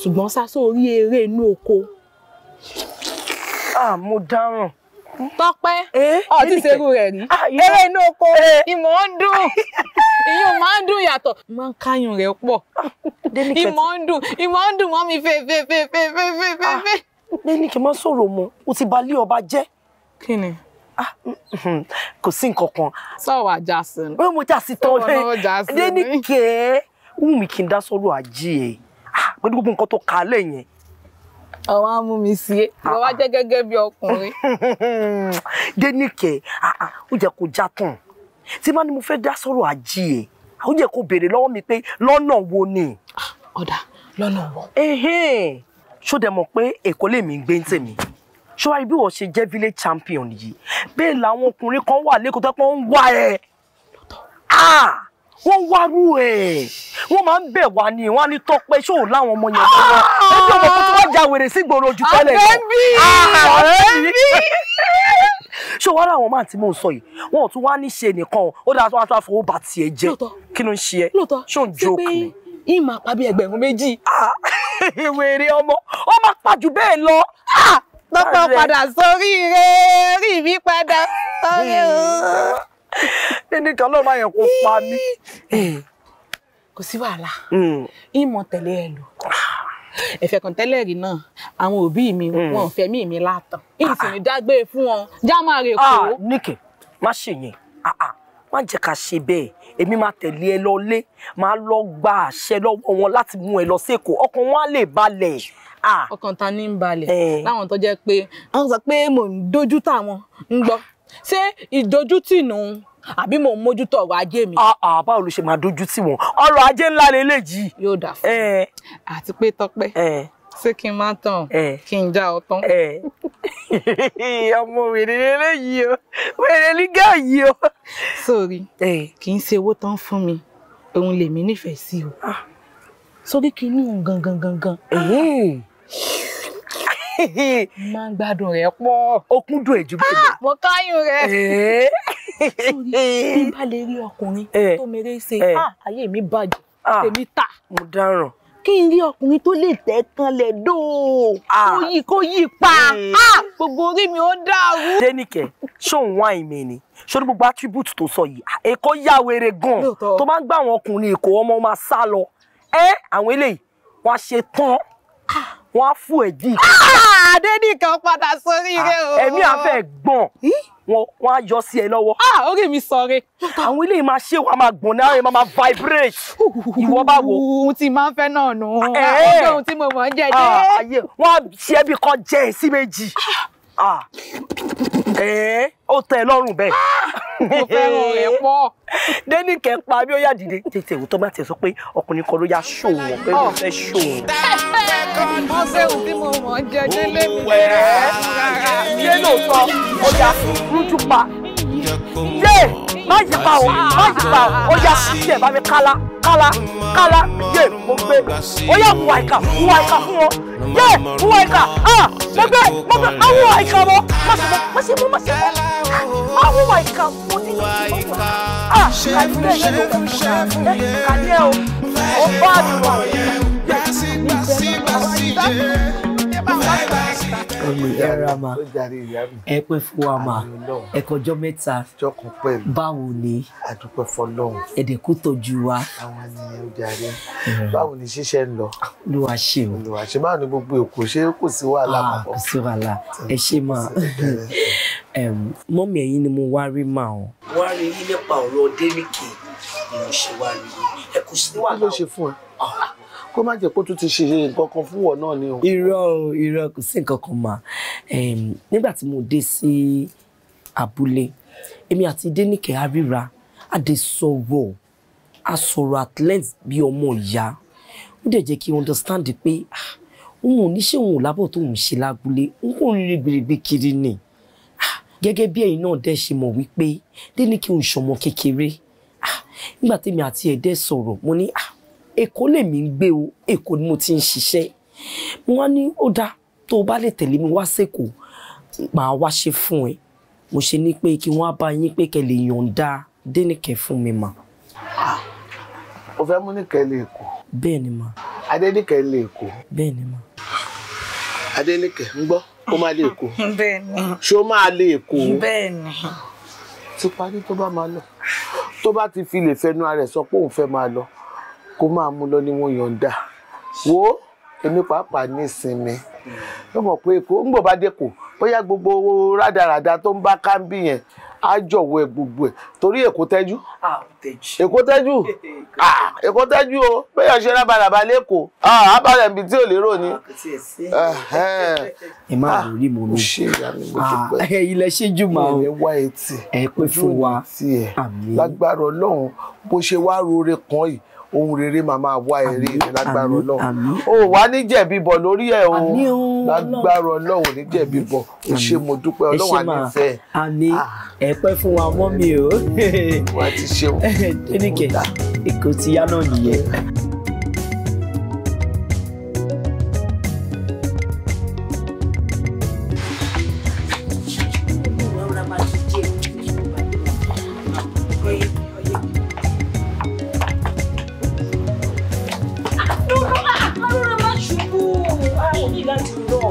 ṣùgbọ́n sá sórí eré inú oko. mo dáràn. Tọ́pẹ́ eh, ọtí ṣerú rẹ̀ rí ah, eré inú oko eh. ìmọ̀ ń dùn ìyún máa ń dùn yàtọ̀ máa ń káyùn rẹ̀ pọ̀ ìmọ̀ ń dùn ìmọ̀ ń dùn mọ́ mi fèfèfèfèfèfè. lẹ́ni kì í má sọ̀rọ̀ mọ́ o ti bà lé ọba jẹ́. kí ni ah, mm-hmm. kò sí nǹkan kan. sọ̀rọ̀ ajá sí ni. bóyá mo já sí tán lẹ́ni kẹ́ ẹ́ wù mí kí n dá sọ́rọ̀ ajé ẹ̀ ah, pẹ̀lú gbogbo nǹkan tó kà á àwọn amú mi sí é e. lọ wá jẹ́ gẹ́gẹ́ bí ọkùnrin. dénìkẹ́ ah, ah, ó jẹ́ kó já tán tí má ni mo fẹ́ dá sọ̀rọ̀ àjí ẹ̀ ó jẹ́ kó béèrè lọ́wọ́ mi pé lọ́nà wo ni. ọ̀dà lọ́nà wo. ṣó dẹ̀ mọ̀ pé èkó lèmi ń gbé ń tèmi ṣọ́wárí bí wọ́n ṣe jẹ́ village champion yìí bẹ́ẹ̀ làwọn ọkùnrin kan wà lẹ́kọ̀ọ́ tó ń wá ẹ̀ wọ́n wárú ẹ̀ wọ́n máa ń bẹ̀ wá ni wọ́n á ní tọpẹ́ ṣó o láwọn ọmọ yẹn lọ́wọ́ ah! ẹbí ọmọ kó tí wọ́n ja wèrè sí gbòòrò ojú tẹ́lẹ̀ ah, ṣé wọ́n ráwọn máa tí mò ń sọ yìí wọ́n ò tún wá ní ṣe nìkan ó dáa tó wá tó wá fowó bá tiẹ̀ jẹ́ kí ló ń ṣe ẹ́ ṣó ń jókòó ni. yín máa pa ẹgbẹ̀rún méjì. Ah, wèrè ọmọ ó máa pa jù bẹ́ẹ̀ lọ. tọpọ padà sórí rẹ rí mi padà sórí o. ẹni tí ọlọ́run àyàn kò pa mí. kò sí wàhálà hmm. ìmọ̀ tẹ̀lé ẹ lò ẹ̀fẹ̀ tẹ́lẹ̀ rí náà àwọn òbí mi hmm. wọn fẹ́ mi látàn èyí sì ní ah. dágbé fún wọn já máa rè kó. Ah, níkè má ṣèyẹn ah, má jẹ́ ká ṣe bẹ́ẹ̀ èmi máa tẹ̀lé ẹ lọlé máa lọ gba àṣẹ lọ́wọ́ wọn láti mú ẹ lọ sí èkó ọkàn wọn á lè balẹ̀. ọkàn ta ni ń balẹ̀ eh. láwọn tó jẹ́ pé wọ́n sọ pé mò ń dójú táwọn ń gbọ́ ṣé ìdójútì nù àbí mò ń mójútó ọrọ̀ ajé mi. àbá ò lè ṣe máa dojú tì wọn ọrọ̀ ajé ńlá lélẹyìí. yóò dà fún mi eh. àti pé Tọ́pẹ́ eh. ṣé kí n má tàn eh. kí n já ọ tán. ọmọ wèrè eléyìí o wèrè nígá yìí o. sórí kì í ṣe owó tán fún mi òun lèmi nífẹ̀ẹ́ sí o ah. sórí kí n ní òun gangan gangan máa ń gbádùn rẹ̀ pọ̀ ó kúndùn èjì bẹ́ẹ̀ lọ. Ah, mo káyùn rẹ. sórí bí n bá lè rí ọkùnrin tó mèrè ṣe ah, ayé mi bàjẹ́ ah. tèmi tà. mo dáràn kí n rí ọkùnrin tó lè tẹ́ kanlẹ̀ dóò kó yí kó yí pa gbogbo orí mi ó dàrú. jẹ́nìkẹ́ ṣóun wá ìmì ni ṣóun gbogbo attribute tó sọ yìí èkó yá wèrè gan tó bá ń gbà àwọn ọkùnrin èkó ọmọ máa sá lọ àwọn eléyìí wọ́n á ṣe tán wọ́n á fún èjì. Ah, Adédìkan padà sórí rẹ ah, o. Ẹ̀mí àfẹ́ gbọ̀n wọ́n á yọ sí ẹ lọ́wọ́. Ah, orí mi sọre. Àwọn ilé máa ṣé wa máa gbọ̀n náà máa máa vibrate. Ìwọ bá wo. Ohun tí máa ń fẹ́ náà nù. Ọjọ́ eh. ohun tí mo mọ̀ ń jẹ́ jẹ́. Wọ́n á ṣe é bí kan jẹ́ ẹ̀ sí méjì ẹ ó tẹ ẹ lọ́rùn bẹ́ẹ̀. Ah! mo fẹ́ràn rẹ̀ pọ̀. dénìkẹ́ pa bí ó yà dìde tètè òótọ́ bá tiẹ̀ sọ pé ọkùnrin kan ló yà ṣòwò pé ó ah! fẹ́ ṣòwò. wọ́n fẹ́ òbí mo mọ̀ ń jẹ délé mi rẹ̀ rárá. ṣé lóòótọ́ ó yà rújú pa yé má yípa o má yípa o ó yà sí ẹ̀ bá mi kálá kala kala yé mo gbé ó yà wù àìkà wù àìkà fún wọn yé wù ah mo gbé mo gbé àwọn àìkà mọ má sì mo, má sì mọ má sì mọ àwọn àìkà mo ní ìlú tó wà ah kàdé yẹn ló ń bá kàdé o ó bá mi wà yé ìgbẹ́ mi àwọn àìkà olè ẹ ra ma ẹ pẹ́ fún wa ma ẹ kọjọ́ mẹ́ta báwo ni àdúpẹ́ fọ́lọ́run ẹdẹ kó tọ́jú wa. àwọn báwo ni ṣíṣe ń lọ. Ah, olúwa ṣe o olúwa ṣe báwo ni gbogbo èkó ṣé kò sí wàhálà ah, pọ̀. kò sí wàhálà ẹ ṣe mà mọ́mí ẹ̀yìn ni mo wá rí mà ọ́. wá rí yín nípa ọ̀rọ̀ dẹ́rẹ́kì ni mo ṣe wá rí ẹ kò sí wàhálà. kí ló ṣe fún ẹ. Ah, kó má jẹ́ pé ó tún ti ṣe nǹkan kan fún wọn náà ni o. irọ́ irọ́ kò sí nǹkan kan mà nígbà tí mo dé sí abúlé èmi àti dénìkẹ́ àríra a dé sọ̀rọ̀ a sọ̀rọ̀ at length bí ọmọ ìyá ó dẹ̀ jẹ́ kí n understand pé ah, òun ò òun ò lábọ̀ tóun ṣe lábúlé òun kò rí rẹ̀gbẹ̀rẹ̀gbẹ̀ kiri ni ah, gẹ́gẹ́ bí ẹ̀yin náà dẹ̀ ṣe mọ̀ wípé dénìkẹ́ òun ṣọmọ kékeré ah, nígbà tèmi àti ẹ̀dẹ́ sọ̀rọ̀ mo ní èkó lèmi ń gbé o èkó ni mo ti ń ṣiṣẹ́ mo wá ní ó dáa tó o bá lè tẹ̀lé mi wá sẹ́kọ̀ọ́ màá wá ṣe fún ẹ mo ṣe ní pé kí wọ́n á bá yín pé kẹ́ lè yọ̀ǹda dénìkẹ́ fún mi mà. Ah, o fẹ́ mú nìkẹ́ lè kó. bẹ́ẹ̀ ni mà. adénìkẹ́ lè kó. bẹ́ẹ̀ ni mà. adénìkẹ́ ń gbọ́ ó máa lè kó. bẹ́ẹ̀ ni. ṣé ó máa lè kó. bẹ́ẹ̀ ni. ti parí tó bá máa lọ tó bá ti fi lè fẹnu ara ẹ̀ sọ pé òun fẹ́ máa lọ kó máa mú lọ ni wọ́n yọ̀ǹda wo èmi pàápàá nísinmi ló mọ̀ pé èkó ń gbọ̀ bá dẹ́kọ̀ bóyá gbogbo rádaràda tó ń bá káńbì yẹn á jọ̀wọ́ ẹ gbogbo ẹ̀ torí èkó tẹ́jú èkó tẹ́jú ah, èkó tẹ́jú o bóyá ṣe rábàràbà lẹ́kọ̀ọ́ àbálẹ̀ ah, ibi tí ò lérò ni. ẹ má lò ah, rí mo mi ilẹ̀ ṣíjú máa ń wá etí ẹ pé fún wa lágbára ọlọ́run bó ṣe wá rore kan yìí ohun rere máa máa wá eré rẹ lágbára Ọlọ́run o wà ní jẹ̀bi lórí ẹ̀ o lágbára Ọlọ́run ní jẹ̀bi o ṣe mo dúpẹ́ Ọlọ́run àti ìfẹ́. àmì ah. ẹ fún wa mọ́ mi o. wọ́n ti ṣe o. tó ní ti yá náà nìyẹn.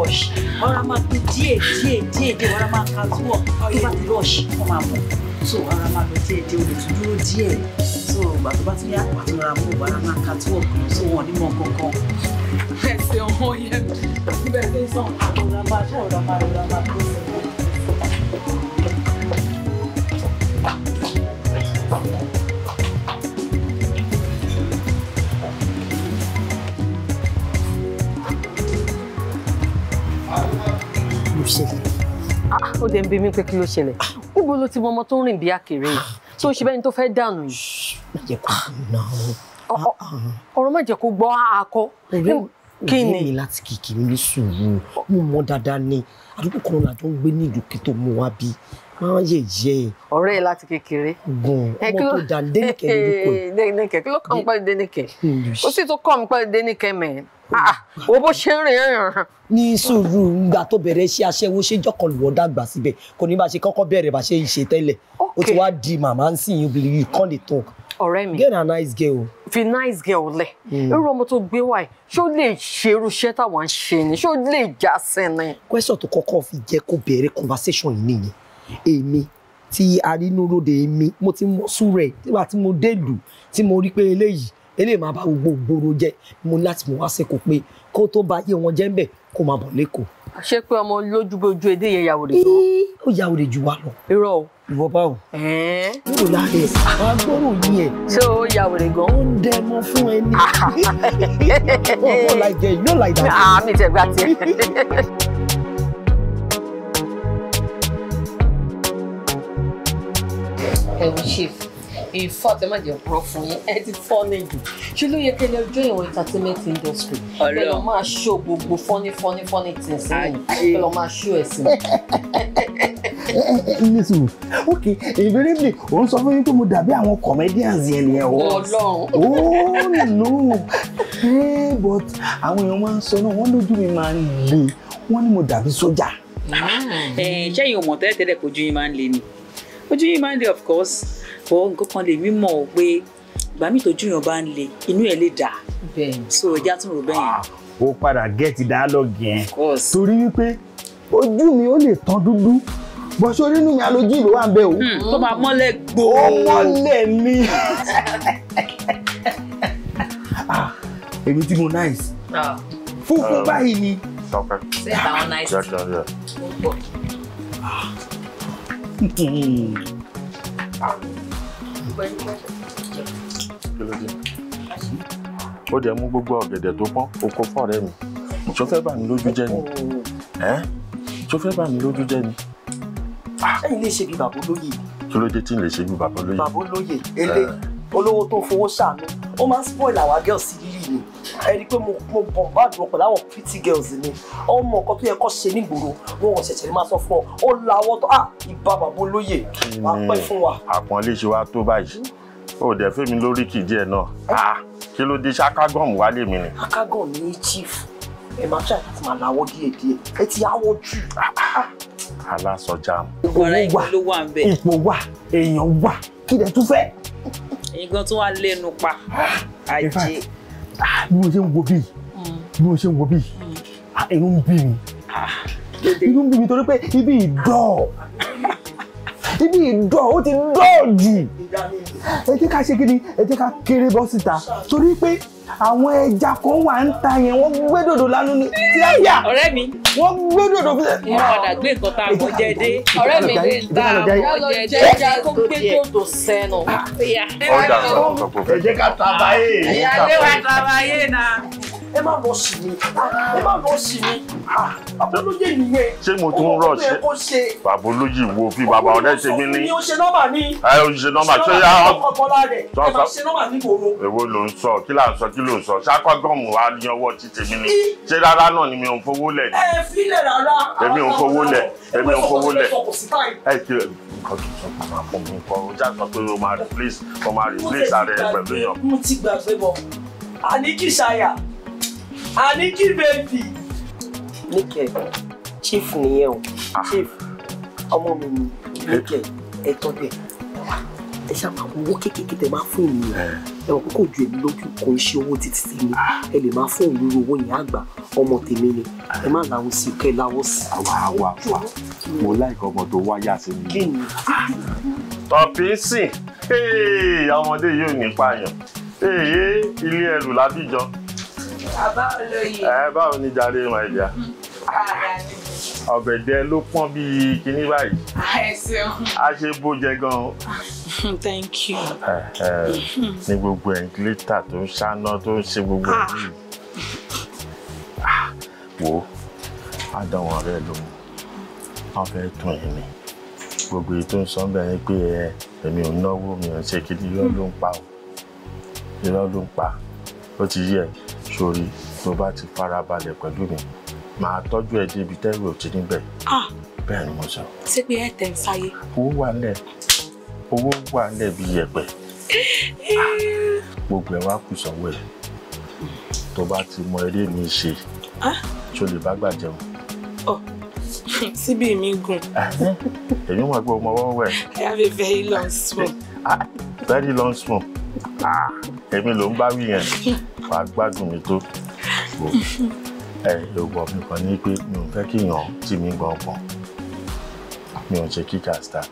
rush ọ̀rọ̀ máa pín díẹ̀ díẹ̀ díẹ̀ díẹ̀ ọ̀rọ̀ máa ka túwọ̀ tó bá ti rush wọ́n máa mọ̀ so ọ̀rọ̀ máa lọ díẹ̀ díẹ̀ olè tún dúró díẹ̀ so ìgbà tó bá tún yá pàtó ra mú ọ̀rọ̀ máa ka túwọ̀ so wọn ní mọ̀ kankan. ẹsẹ̀ ọmọ yẹn bẹ̀rẹ̀ sọ̀rọ̀ máa rọra máa rọra máa tó sọ ó dẹ̀ ń bí mi pé kí ló ṣẹlẹ̀ níbo ló ti mọ ọmọ tó ń rìn bí àkèrè yìí tó ń ṣe bẹ́ni tó fẹ́ dànù yìí. má o. ọ̀rọ̀ má jẹ́ kó gbọ́ akọ. kí ni òwe mi láti kìkì mi ní sùúrù mo mọ dáadáa ni àdúgbò kan náà tó ń gbé ní ìlú kí tó mú wa bí máa yè yé. ọ̀rẹ́ ẹ láti kékeré. gun ọmọ tó dà dénìkẹ́ lórúkọ yìí. kí ló kàn ń pẹ́ dénìkẹ́ ó sì tún kọ́ mi pẹ́ dénìkẹ́ mẹ́ẹ̀. Ah, wo bó ṣe ń rìn ẹ̀ràn. ní sùúrù ngbà tó bẹ̀rẹ̀ iṣẹ́ aṣẹ́wó ṣe jọ́kọlù dàgbà síbẹ̀ kò ní bá ṣe kọ́kọ́ bẹ̀rẹ̀ bá ṣe ń ṣe tẹ́lẹ̀ ó ti wá di màmá ń sìn yín you can't dey talk. ọ̀rẹ́ mi get a nice girl. fi nice girl lẹ̀ hmm. irú ọmọ tó gbé wáyé ṣé lè ṣe irú iṣẹ́ táwọn ń ṣe ni ṣé lè já sí ni. tó kọ́kọ́ fi jẹ́ kó bẹ̀rẹ̀ conversation yìí eléyìí máa bá gbogbo ìgboro jẹ mo láti mú wáṣẹkọ pé kó tó bá yé wọn jẹ ń bẹ kó máa bọ̀ lẹ́kọ̀ọ́. ṣé pé ọmọ lójú bójú edé yẹn yàwó rẹ jù. ó yàwó rẹ jù wá lọ. irọ́ o. ìwọ báwo. yóò láre wàá gbọ́rò yín ẹ̀. ṣé o yàwó rẹ gan. ó ń dẹmọ fún ẹni. ọmọ láì jẹ yóò láì dá. àmì ìtẹ̀gbà tiẹ̀. ẹ̀wù chief ìfọ́ tẹ́ máa jẹ́ purọ́ fún yín ẹ ti fọ́ ní jù ṣé yẹ kẹ́lẹ́ ojú ìwọ̀n entertainment industry kẹ́ lọ máa ṣó gbogbo funny funny funny things ní kẹ́ lọ máa ṣó ẹ̀ nísìnyí ok invariably òun sọ fún yín pé mo dàbí àwọn comedians yẹn nìyẹn o Ọlọ́run oh no but àwọn èèyàn máa ń sọ náà wọ́n lójú mi máa ń le wọ́n ní mo dàbí sójà. Hmm. Eh, ṣẹ́yìn ò mọ̀ tẹ́lẹ̀tẹ́lẹ̀ kò ojú yín máa ń le ni ojú yín máa ń le of course ẹ̀fọ́ nǹkan kan lè mí mọ̀ pé ìgbà míì tójú yàn bá ń le inú ẹ̀ lè dà so ẹja tún rò bẹ́yẹn. o padà gẹ́ẹ̀tì dialogue yẹn torí wípé ojú mi ó lè tán dúdú bọ́ sórí mi alójú ìlú wà ń bẹ o. Hmm, tó máa mọ́lẹ̀ gbòó. ó mọ́lẹ̀ ni ah, èmi tí mo nice ah. fúnfún um, báyìí ni. ṣé táwọn nice. Ah. ó dẹ̀ mú gbogbo ọ̀gẹ̀dẹ̀ tó pọ́n oko fọ́ọ̀rẹ́ mi tó fẹ́ bà mí lójú jẹ́ ni tó fẹ́ bà mí lójú jẹ́ ni. ẹ̀yin lè ṣe bí bàbá olóyè. kí ló dé tí ń lè ṣe bí bàbá olóyè. bàbá olóyè ele olówó tó fowó ṣàánú ó máa ń spoil àwa gẹ́ọ̀sì ẹni pé mo mo bọ̀ bá dùn pẹ̀lú àwọn pretty girls ni ọmọ nǹkan tó yẹ kó ṣe nígboro wọn ò ṣẹ̀ṣẹ̀ máa sọ fún ọ ó lawọ́ tó ah ìbá bàbá olóyè wàá pẹ́ fún wa. àpọ́nlé ṣe wá tó báyìí ó dẹ̀ fẹ́mi lórí kìdí ẹ̀ náà ah, kí ló dé ṣe akágọ́ọ̀mù wálé mi ni. akágọ́ọ̀mù ni chief ẹ máa ṣe àti máa lawọ́ díẹ̀ díẹ̀ ẹ ti áwọ́ jù. alásọjá owó wà ipò wà èèyàn wà kí lẹ tún fẹ́. èyí gan tún wá lẹ́nu pa ah, ajé. Ah, bí mo ṣe ń wo bíi bí mo ṣe ń wo bíi ah, inú ń bí mi ah, inú ń bí mi torí pé ibi ìdọ̀ ibi ìdọ̀ ó ti dọ̀ jù ẹ jẹ́ ká ṣe kí ni ẹ jẹ́ ká kéré bọ́ síta torí pé àwọn ẹja kan wà ń ta yẹn wọ́n gbé dòdò lánú ni tí ọ̀rẹ́ mi wọ́n gbé dòdò fi. ìwọ ọ̀dà gbé nǹkan tá a bọ̀ jẹ dé ọ̀rẹ́ mi ní ta àbọ̀ jẹ ẹja tó gbé dòdò sẹ́nu. ọ̀dà ah. ọ̀dà ẹ jẹ́ ká tabayé. ìyá lé wa tabayé náà ẹ má lọ sí mi ẹ má lọ sí mi bàbá olóyè nìyẹn. ṣé mo tún rọ ṣe bàbá olóyè wo bí bàbá ọdẹ ṣe mí ní. o ṣe nọ́mbà ní. ẹ o ṣe nọ́mbà ṣé yà ọ. ọkọlá rẹ ẹ máa ṣe nọ́mbà ní gbòòrò. èwo ló ń sọ kí là ń sọ kí ló ń sọ ṣàkọgọmù wa yan ọwọ́ ti tèmi ni ṣé rárá náà ni mi ò ń fowó lẹ. ẹ filẹ rárá. èmi ò ń fowó lẹ èmi ò ń fowó lẹ. ẹ kì í nǹkan tuntun kò máa pọ̀ mí nǹkan o já sọ pé o máa replace o máa replace ààrẹ pẹ̀lú yàn. mo ti gbàgbé bọ̀ Aniki baby. Níkẹ́, chief nìyẹn o. Ah. Chief, ọmọ mi ni Níkẹ́, ẹ tọ́jú ẹ̀. Ẹ ṣàpá owó kékeré tẹ máa fún mi. Eh. Ẹ wọ̀ kókò ju èmi lójú kò ń ṣe owó títí sí mi. Ah. Ẹ lè máa fún òun lórí owó yẹn àgbà ọmọ tèmi ni. Ẹ má làwọn sí kẹ́ láwọ́ sí. Àwa àwa àwa, mo láìka ọmọ tó wáyà sí mi. Kí ni? Tọ̀písì, ọmọdé yóò ní pààyàn. Ilé ẹrù lábíjọ ẹ báwo ni jàre my dear hmm. ọ̀gẹ̀dẹ̀ ló pọ́n bí kinní báyìí a ṣe bó jẹ gan-an. thank you. ní gbogbo ẹ̀ ń glita tó ń ṣáná tó ń ṣe gbogbo ẹ̀ ah. yìí ah, wo àdánwò rẹ ló mú wọn fẹ́ tún ẹ̀ ní gbogbo èyí tó ń sọ bẹ́ẹ̀ ni pé ẹ èmi ò náwó mi ò ń ṣe kiri irọ́ ló ń pa irọ́ ló ń pa ó ti yí ẹ̀ sórí tó bá ti farabalẹ̀ pẹ̀lú mi màá tọ́jú ẹ débi tẹ́rù ò ti níbẹ̀. bẹ́ẹ̀ ni mo sọ. ṣé pé ẹ tẹ̀ ń sáyé. owó wà lẹ̀ owó wà lẹ̀ bí yẹ̀pẹ̀. gbogbo ẹ wá kù sọ́wọ́ ẹ̀ tó bá ti mọ eré mi ṣe tó lè bá gbà jẹun. síbí mi gùn. èmi mọ̀ pé o mọ ọwọ́ wẹ̀. I have a very long spoon. Ah, very long spoon. Ah èmi ló ń bá wí yẹn wàá gbádùn mi tó ẹ ògbọ̀n mi kàn ní pé mi ò fẹ́ kíyàn tì mí gbọ̀ngbọ̀n mi ò ṣe kíkà start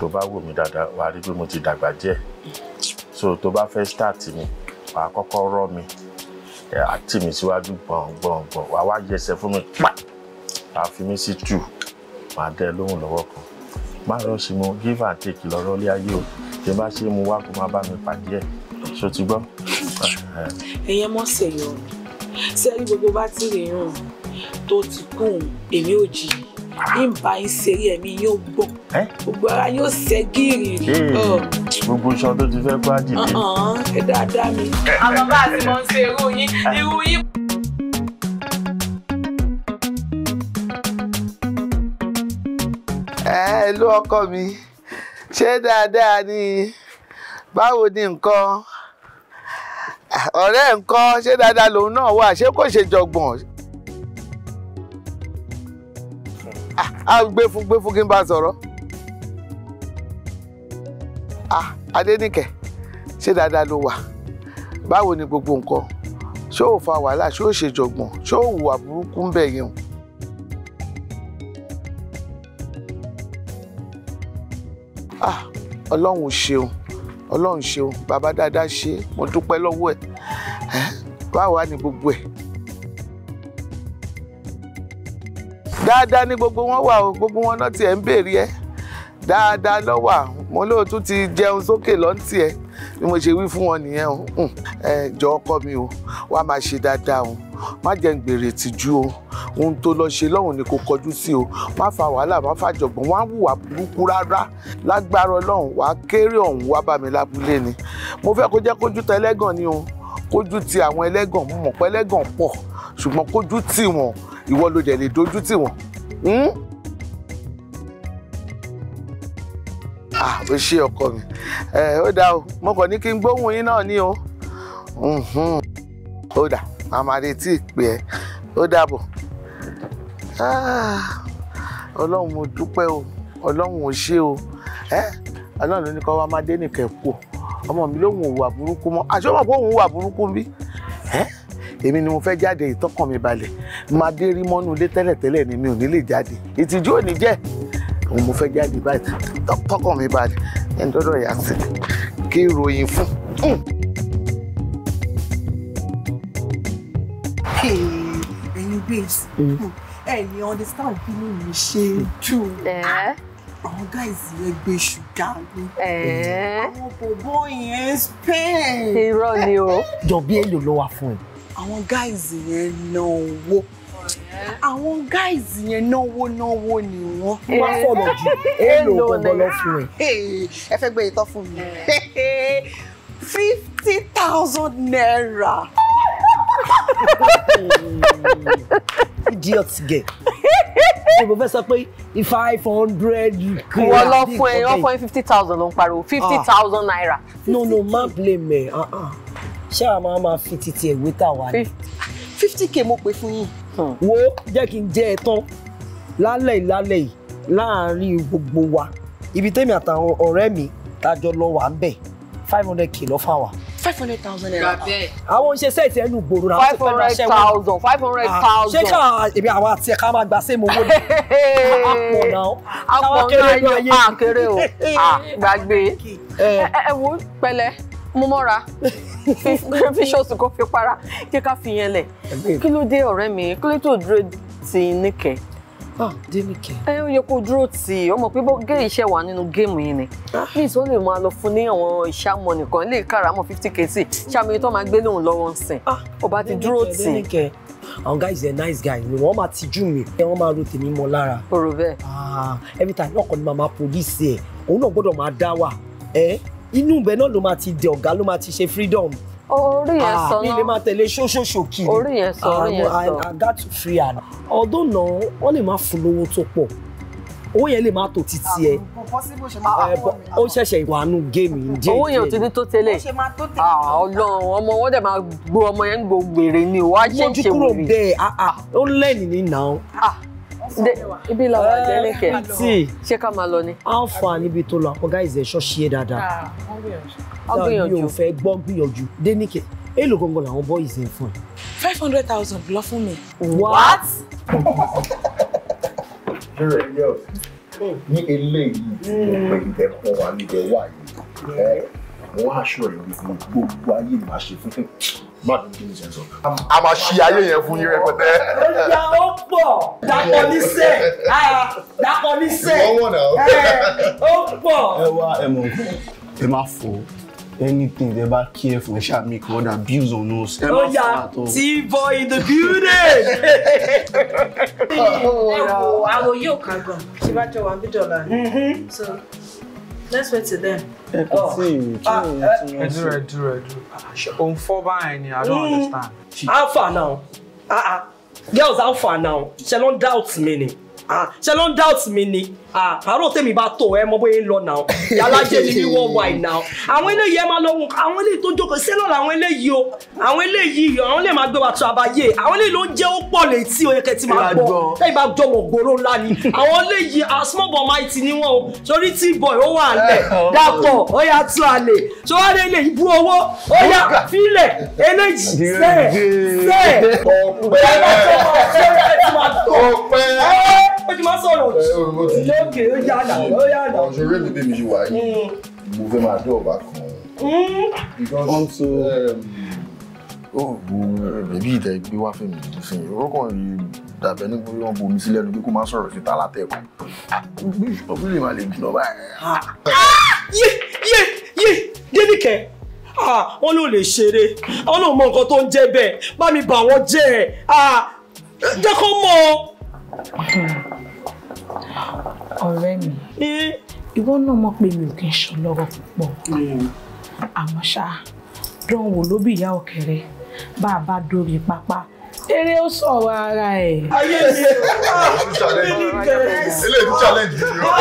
tó bá wò mí dáadáa wàá rí pé mo ti dàgbà díẹ̀ so tó bá fẹ́ start mi wàá kọ́kọ́ rọ́ mi àti mi síwájú gbọ̀ngbọ̀ngbọ̀n wàá wá yẹsẹ̀ fún mi pa wàá fi mí sí tù màá dẹ lóhùn lọ́wọ́ kan má lọ sí mo give and take lọ́rọ́ lé ayé o tí n bá ṣe mu wá kó má bá mi pàdé ẹ̀ ṣó ti gbọ́. ẹyẹ mọ sẹyọ sẹrí gbogbo bá ti rè ràn tó ti kún èmi ò jì í bá yín ṣeré ẹ̀mí yóò gbọ́ gbogbo ara yóò ṣe gírì. gbogbo iṣan tó ti fẹ́ kó á dìde. ẹ dáadáa mi àwọn bá a ti mọ̀ ṣe irú yín irú yín. ẹ ló ọkọ mi ṣé dáadáa ni báwo ni nǹkan ọ̀rẹ́ ẹ̀ ń kọ́ ṣé dáadáa lòun náà wà ṣé kò ṣe jọ̀gbọ̀n. gbé fún gbé fún kí n bá sọ̀rọ̀. Adéníkẹ́ ṣé dáadáa ló wà báwo ni gbogbo nǹkan ṣé ò fa wàhálà ṣé ò ṣe jọ̀gbọ̀n ṣé ò hùwà burúkú ń bẹ̀ yẹn o. Ọlọ́run ṣeun ọlọ́run ṣeun bàbá dáadáa ṣe mo dúpẹ́ lọ́wọ́ ẹ̀ báwa ni gbogbo ẹ̀. dáadáa ni gbogbo wọn wà o gbogbo wọn náà tiẹ̀ ń béèrè ẹ dáadáa lọ́wọ́ àwọn mo ti jẹun sókè lọ́ntì ẹ̀ bí mo ṣe wí fún wọn nìyẹn o hmm. jọ ọkọ mi o wàá máa ṣe dáadáa o má jẹ́ ń gbèrè tìjú o ohun tó lọ ṣe lọ́hùn ni kò kọjú sí o má fa wàhálà má fa jọ̀gbọ́n wá wùwà burúkú rárá lágbára ọlọ́run wàá kéré ọ̀hún wá bá mi lábúlé ni mo fẹ́ kó jẹ́ kójú ta ẹlẹ́gàn ni o kójú ti àwọn ẹlẹ́gàn mo ẹlẹ́gàn pọ̀ ṣùgbọ́n kójú tì wọ́n ìwọ ló dẹ̀ lè dojú tì wọ́n. Hmm? ah o ṣe ọkọ mi ẹ eh, ó dáa o mo kàn ní kí n gbóhùn yín náà ní o ó dà màmá retí ìpè ẹ ó dàbọ̀ ah, ọlọ́run mo dúpẹ́ o ọlọ́run ò ṣe o eh, ọlọ́run ló ní kọ́ wá má dé nìkẹ́ kú o ọmọ mi ló ń hùwà burúkú mọ́ àṣọ mọ̀ pé òun hùwà burúkú bí eh, èmi ni mo fẹ́ jáde ìtọ́kàn mi balẹ̀ máa dé rí mọ́nú ilé tẹ́lẹ̀tẹ́lẹ̀ ni mi ò ní lè jáde ìtìjú ò ní jẹ́ òun mo fẹ́ jáde báyìí tọkàn mi balẹ̀ ẹni dọ́dọ̀ yà sí kí ròyìn fún. Hmm. ẹ̀yin babes hmm. Hmm. ẹ ní understand bí mi ò ṣe dùn ah, àwọn guys yẹn gbé ṣùgá mi àwọn bòbó yẹn spain. irọ́ ni o. jọ bí èlò ló wà fún ẹ. àwọn guys yẹn náà wó àwọn guys yẹn náwó náwó ni wọ́n. wọ́n sọ̀rọ̀ jù èèlò gbọ̀ngbọ̀lọ́ fún ẹ. ẹ fẹ́ gbé ìtọ́ fún mi fifty thousand naira. idiot girl ìbò fẹ́ sọ pé five hundred. wọ́n lọ fún ẹ wọ́n fún ẹ fifty thousand ló ń pariwo ah. fifty thousand naira. no no má blame ẹ ah, ah. ṣé àwọn máa ma fi titi ẹ̀ wé tà wá ni. fifty k mo pè fún yín wo jẹ́ kí n jẹ́ ẹ tán lálẹ́ ìlálẹ́ yìí láàárín gbogbo wa ibi tèmi àtàwọn ọ̀rẹ́ mi tájọ lọ wà ń bẹ̀ five hundred k lọ fáwa five hundred thousand naira. àwọn oníṣẹ́ sẹ́ẹ̀tì ẹnu gbòòrò náà five hundred thousand five hundred ah, thousand. ṣé ká èmi àwọn àti ẹ̀ka máa gba sẹ́mu owó ni. àpò náà àpò náà yọ àkèrè o àgbàgbé ah, eh. ẹ wo pẹ̀lẹ́ mú mọ́ra crayfishers kan fi para jẹ́ ká fi yẹn lẹ̀ kí ló dé ọ̀rẹ́ mi kí ló tó dúró ti níkẹ́. ah dénìkẹ́. ẹ ó yẹ kó dúró tì í ọmọ pé gé iṣẹ́ wà nínú géèmù yìí ni please ah. ó lè máa lọ fún ní àwọn ìṣàmọ nìkan lè kára mọ fifty kc ṣàmì tó máa gbé lóun lọ́wọ́ ń sìn ah. ó bá ti dúró tì í àwọn guys dey nice guys ni wọn máa tijú mi wọn máa ro tèmi mọ lára. ọ̀rọ̀ bẹ́ẹ̀. Ah, every time ọkọ ni màmá police ẹ òun náà gbọ́dọ̀ máa dá wà inú ibẹ̀ náà ló máa ti dẹ ọ̀gá ló máa ti ṣe freedom orí yẹn ah, sọ náà mi lè máa tẹ̀lé ṣóṣóṣó kiri orí yẹn sọ orí yẹn ah, sọ I got to free am ọdún náà wọ́n lè máa fún lówó tó pọ̀ owó yẹn lè máa tó títí ẹ ah, eh, ó ṣẹ̀ṣẹ̀ ìwànú géèmì díẹ̀ owó yẹn ò ti ní tó tẹ́lẹ̀ Ọlọ́run ọmọ wọn dẹ̀ máa gbó ọmọ yẹn ń gbó gbèrè ni wàá ṣe ń ṣe wèrè. mo jù kúrò bẹ́ẹ̀ ó lẹ́nìí ní náà ibi làwọn àjẹ́ ní kẹ̀ ṣé ká máa lọ ni. alpha níbi tó lọ ọ̀gá ìzẹ̀ṣọ́ ṣe é dáadáa. Ah, wọ́n gbìyànjú. mi ò fẹ́ gbọ́ gbìyànjú dénìkẹ̀ èlò gangan làwọn boys ń fún ẹ. five hundred thousand lọ fún mi. what. ṣúrẹ̀ yọ ní eléyìí pé ibẹ̀ kọ́ wa níbẹ̀ wà yìí wọ́n aṣọ ìwé gbogbo ayé máa ṣe fún fún má dùn kí ni ṣe ń sọ. a máa ṣe ayé yẹn fún yín rẹpẹtẹ. ìyá ó pọ̀ dapò níṣẹ́ dapò níṣẹ́ ó pọ̀. ẹ wá ẹ mọ̀ ẹ má fò anything they ever care for shall make all the abuse on us. Oh yeah, T-boy in the building. Ẹ wo àwọn yóò kàn gan, ṣé bá jọ wà ń bí dọ̀là? Mm-hmm. So let's wait till then. ẹ kò tí ì kí ni ẹ tún lọ dúró ẹ dúró ẹ báyìí ni i don't hmm. understand. how far now ah ah girls how far now ṣe ló ń doubt mi ni ah ṣe ló ń doubt mi ni. Ah, àárọ̀ tèmi bá tó ẹ mọ bóyá ń lọ náà yàlájẹ ni wíwọ́ wáì náà àwọn eléyìí ẹ máa lọ wọn àwọn eléyìí tó jókòó sí náà làwọn eléyìí o àwọn eléyìí àwọn lè máa gbé wa tó abayé àwọn eléyìí ló ń jẹ́ ó pọ̀ létí oyè kẹtì máa gbọ́ lẹ́yìn bá jọ wọ̀ gbòòrò ńlá ni àwọn eléyìí a small boy mighty ni wọn o torí tí boy ó wà lẹ̀ dàpọ̀ ó yà tú àlè tó wà lélẹ̀ ibú owó ó yà fílẹ̀ eléyìí sẹ́ẹ̀ sẹ́ẹ̀ ọ̀pẹ́ ọ̀pẹ́ ó ti máa òkè ó yàdà ó yàdà. ọ̀sẹ̀ rẹ̀ mi bèbí wà yìí hmm. mo fẹ́ máa dé ọ̀bá kan. Hmm. because um, ó bu bèbí ìtẹ̀ gbé wá fún mi nísìnyí orúkọ yìí dàbẹ̀ ní gbogbo wọn bu omi sílẹ̀ lójú kó má sọ̀rọ̀ síta látẹ̀kùn bí ìṣọ́fún lè má lè jìnnà báyìí. Ah! yé yé yé débìkẹ́ wọn ló lè ṣeré wọn ló mọ nǹkan tó ń jẹ bẹ́ẹ̀ bá mi bà wọn jẹ́ ẹ jẹ́ kó mọ̀ ọ́ ọ̀rẹ́ mi ìwọ náà mọ̀ pé mi ò kí ń ṣọlọ́rọ̀ púpọ̀ àmọ́ ṣá dán wò ló bí ìyá ọ̀kẹ́rẹ́ bá a bá dórí pápá eré ó sọ̀rọ̀ ara ẹ̀. ayé mi eléyìí challenge yìí o. Ah.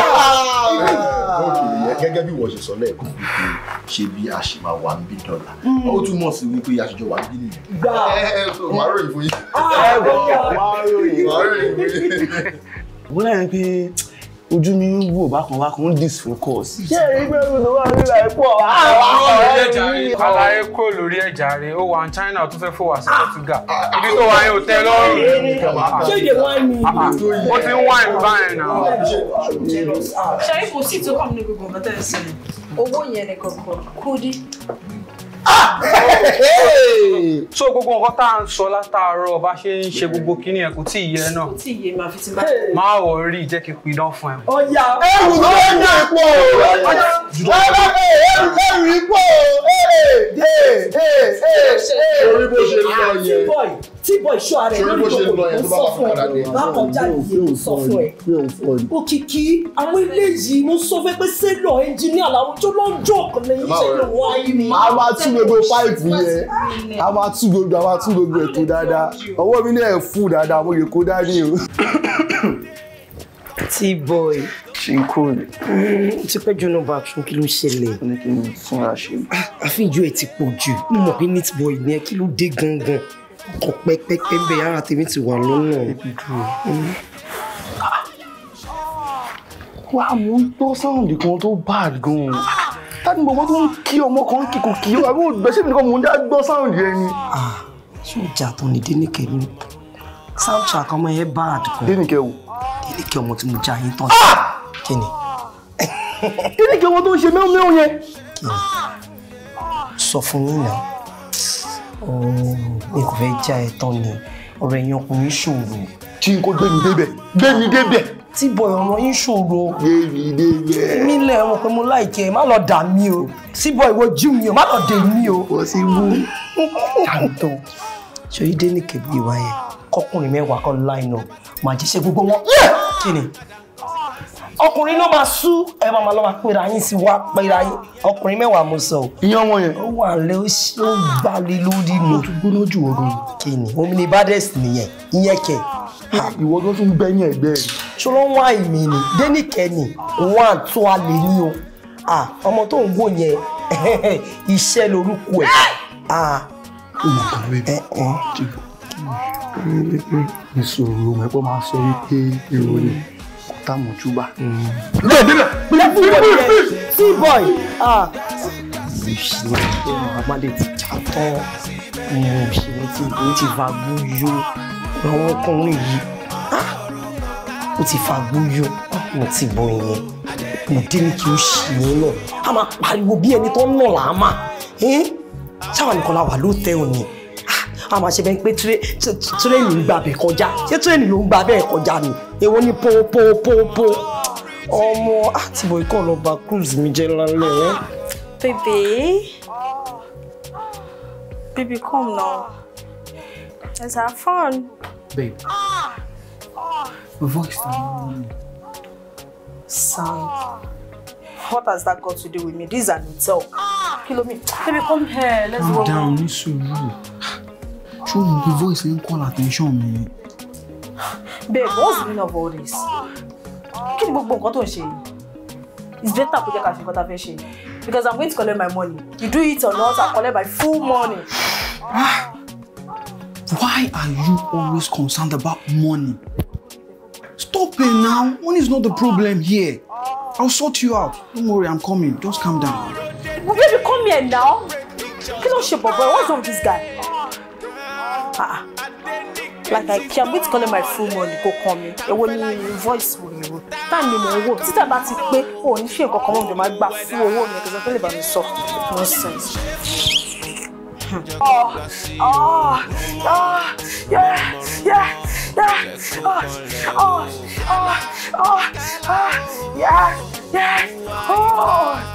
gẹ́gẹ́ bí wọ́n ṣe sọ lẹ́ẹ̀kan wípé ṣé bí a ṣe máa wà ń bí dọ́là ó túmọ̀ sí wípé a ṣe jọ wà ń bí nìyẹn. gbà ẹ ẹ wàá ròyìn fún yín. Ah. wàá ròyìn wàá ròyìn fún yín mo láyé pé ojú mi ń wò bákan bákan ń disfocus. ṣé ìgbẹ́ ah, mi ló wà nílà ẹ̀pọ̀ àlàyé kó lórí ẹ̀já rẹ̀ ó wà ní China tó fẹ́ fò wá sí Portugal ah, ah, ibi tó wà ní hòtẹ́ lọ́rùn. ṣé ìdè wá ní. ó ti ń wá ìlú báyìí náà. ṣé kò sí tó kàn ní gbogbo nǹkan tẹ̀ sí owó yẹn ni kọ̀ọ̀kan kúdí. Oh, so gbogbo nǹkan tá à ń sọ látàárọ̀ bá ṣe ń ṣe gbogbo kíní ẹ̀ kò tí ì yẹ náà. kò tí ì yẹ máa fi ti bá. máa wọ̀ rí jẹ́ kí n pidán fún ẹ. ọjà ẹrù ló ń yẹ ipò ẹrù ipò ah, orí bó ṣe lọ yẹn tí bọ̀ ìṣó ara ẹ̀ lórí ìjókòó mo sọ fún ẹ bákan jáde mo sọ fún ẹ òkìkí àwọn eléyìí mo sọ fẹ́ pé sẹ́lọ̀ ẹnjìníà làwọn tó lọ́ọ́ jọ̀ọ̀kan lẹ́yìn ṣe lè wá ayé mi. máa wá tún gbogbo páìpù yẹn a máa tú gbogbo a máa tú gbogbo ẹ̀ tó dáadáa ọwọ́ mi náà fún dáadáa mo lè kó dání o. T-boy. ṣe ń kó rè. ó ti pẹ́ jóná bá tún kí ló ṣẹlẹ̀. ó ní kí n fúnra ṣe. Ah, àfihàn ẹ̀ ti pọ̀ jù mo mọ̀ pé neat boy ni ẹ kí ló dé gangan kò pẹ́pẹ́pẹ́ bẹ́ẹ̀ ara tèmi ti wà lọ́nà. wàá mú tó sáwọn nìkan tó bad gan tábí mo tó ń kí ọmọ kan kíkò kí ọ àbí ògbẹ́sẹ̀ mi nìkan mò ń dá gbọ́ sáwùndì ẹ ni. Ah, ṣé ìjà tó ní dénìkẹ́ ni sáwùjà kan mọ ẹ bá àdùkọ. dénìkẹ́ wo. dénìkẹ́ ọmọ tí mo já yín tán. Ah! kí ni. dénìkẹ́ ọmọ tó ń ṣe mẹ́wọ́n mẹ́wọ́n yẹn. kí ni sọ fún yín náà mi kò fẹ́ já ẹ tán ni ọ̀rọ̀ ẹ̀yìn ọkùnrin ṣòro. tí n kò gbé débẹ̀ gbé débẹ̀ tí bọ̀ ọ̀rọ̀ yín ṣòro. Bébí débẹ̀. pé mo láìkẹ́ má lọ dà mí o. Tí bọ̀ ìwọ jí mi o, má lọ dè mí o. Wọ́n sì wú. Tàǹtàn, ṣòyí ní kẹ̀bí ìwà yẹn, kọ́kùnrin mẹ́wàá kan láìnà, màá gbogbo wọn. Kí ni? ọkùnrin ló máa sú ẹ máa lọ máa pera yín sí wá pera yín ọkùnrin mẹ́wàá mo sọ. ìyẹn wọn yẹn. ó wà lẹ ó gbalẹ lórí ni. ó tún gbóná jù ọdún. kìnnì omi ni baddest nìyẹn ìyẹn kẹ. ìwọ tó tún gbẹ̀yìn ẹgbẹ́ rẹ̀. ṣọlọ wá ìmì ni dénìkẹ́ ni wọ́n á tó a lè ní o. ọmọ tó ń wò yẹn iṣẹ́ lorúkọ ẹ̀. ìṣòro ẹ̀pọ̀ máa sọ wípé èrò ni táàmù júbà. bẹ́ẹ̀ bẹ́ẹ̀ bẹ́ẹ̀ bẹ́ẹ̀ bẹ́ẹ̀ t-boy. òṣìlẹ̀ àgbàlẹ̀ ti jàtọ̀ òṣìlẹ̀ ti ìbò ti fa gbúyò àwọn ọkùnrin yìí ó ti fa gbúyò mo ti bọ ìyẹn mo dé ní kí o ṣì yẹn náà a máa pariwo bí ẹni tó ń nà là á mà ṣáwa nìkan la wà lóòótẹ́ òní a máa ṣe bẹ́ẹ̀ pé tírẹ́ẹ̀nì ń gbà bẹ́ẹ̀ kọjá ṣé èwo ni po po po po ikọ̀ ah, lọ cruise mi jẹ́ lálẹ́. bèbè ah, bèbè come now let's have fun. babe voice na no sound what has that got to do with me this an hotel kilo me baby come here let's go. calm down nisuru ṣé your mú bí voice ń call attention mi babe what's the meaning of all this Can you gbogbo nǹkan tó ń ṣe it's better put your ká ṣe nǹkan tá a because i'm going to collect my money you do it or not I'll collect my full money. Ah, why are you always concerned about money? Stop it now. Money is not the problem here. I'll sort you out. Don't worry, I'm coming. Just calm down. Well, baby, come here now. Kí ló ṣe boy? What's wrong with this guy? Ah. Uh-uh like I can wait calling my full money kò kàn mí èwo ni voice wò ni wò táà ni mò ń wò títà bá ti pé ò ní ṣe nǹkan kan mọ́ mi máa gbà fún owó mi kò sọ pé lè bá mi sọ sense. Oh, oh, oh, yeah, yeah, yeah, oh, oh, oh, oh, yeah, yeah, oh.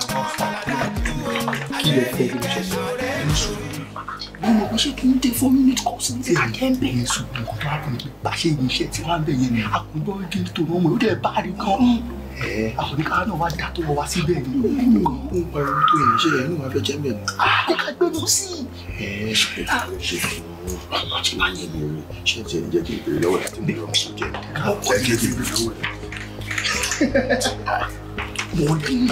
kí lè fẹ́ bí mo ṣe sọ ní sùúrù mo mọ̀ pé ṣé kí n dé four minute course ní ti kàdé ẹ̀ bẹ́ẹ̀. èso nǹkan tó hàpọ̀ nípa bàṣẹ ìyìnṣẹ́ tí wọ́n á bẹ̀ yẹn àkójọ ìdí tó rán wọn ó dẹ̀ bá rí kan àwọn oníkàwé náà wá dá tó wọ wá síbẹ̀ ni. ó ń pariwo tó yẹn ṣe yẹn ní wàá fẹ́ jẹ́ mẹ́rin. kó ká gbé mú sí i. ṣe ṣe àti máa yẹ mi rí ṣe ti ẹni jẹ́ mo dín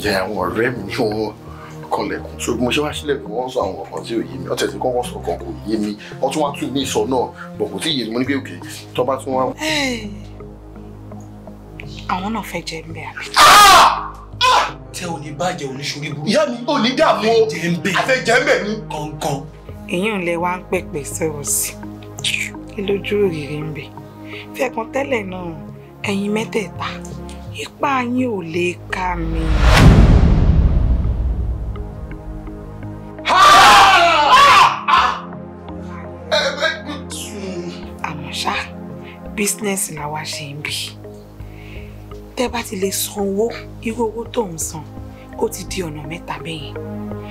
jẹ́ àwọn ọ̀rẹ́ mi ní wọn kọlẹ̀kùn so mo ṣe wá sílẹ̀kùn wọ́n sọ àwọn ọ̀kan tí ò yé mi ọ̀tẹ̀ tí kọ́kọ́ sọ kan kò yé mi wọ́n tún wá tún ní ìsọ náà bọ̀ kò tí ì yé mi mo ní pé òkè tó bá tún wá. àwọn náà fẹ́ jẹ ń àbí. tẹ ò ní bàjẹ́ oníṣòrí ìyá mi ò ní dààmú o àfẹ́ jẹ́ ń ní. kọ̀ọ̀kan. èyí ò lè wá ń pẹ̀pẹ̀ sọ̀rọ̀ sí i lójú òrìrì ń fẹ́ kan tẹ́lẹ̀ náà ẹ̀yin mẹ́tẹ̀ẹ̀ta ipá yín ò lè ka mi. àmọ́ ṣá bísínẹ́sì làwa ṣe ń bì tẹ́ bá ti lè san owó irú owó tó ń san ó ti di ọ̀nà mẹ́ta bẹ́yẹn.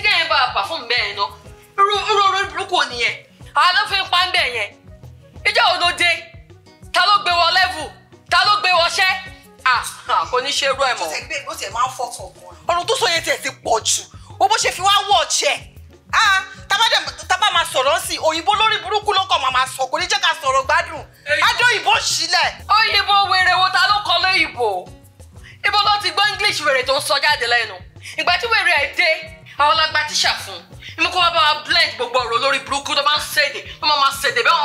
ní kẹ́yìn bá a pàfún bẹ́ẹ̀ ná irú irú orí burúkú nìyẹn àá ló fi ń pa ń bẹ̀ yẹn ìjọ wo ló dé ta ló gbé wọ lẹ́vù ta ló gbé wọṣẹ́ kò ní ṣe irú ẹ̀ mọ́. ó ti ẹ̀ máa ń fọ́tọ̀ gan. ọ̀run tó sọ yẹn tiẹ̀ ti pọ̀ jù owó ṣe fi wá wọ̀ ọ̀chẹ́ tábà máa sọ̀rọ̀ sí òyìnbó lórí burúkú ló kàn máa máa sọ kò ní jẹ́ ká sọ̀rọ̀ gbádùn adé òyìnbó sílẹ̀. òyìnbó wèrè wo ta ló kọ lóyìnbó ibo ló ti gbọ́ english wèrè tó ń sọ jáde lẹ́nu ìgbà tí wèrè ẹ̀ dé àwọn lágbá tíṣà fún un mú kó wá bá wa blend gbogbo ọ̀rọ̀ lórí burúkú tó bá ń ṣèdè tó máa máa ṣèdè bẹ́ẹ̀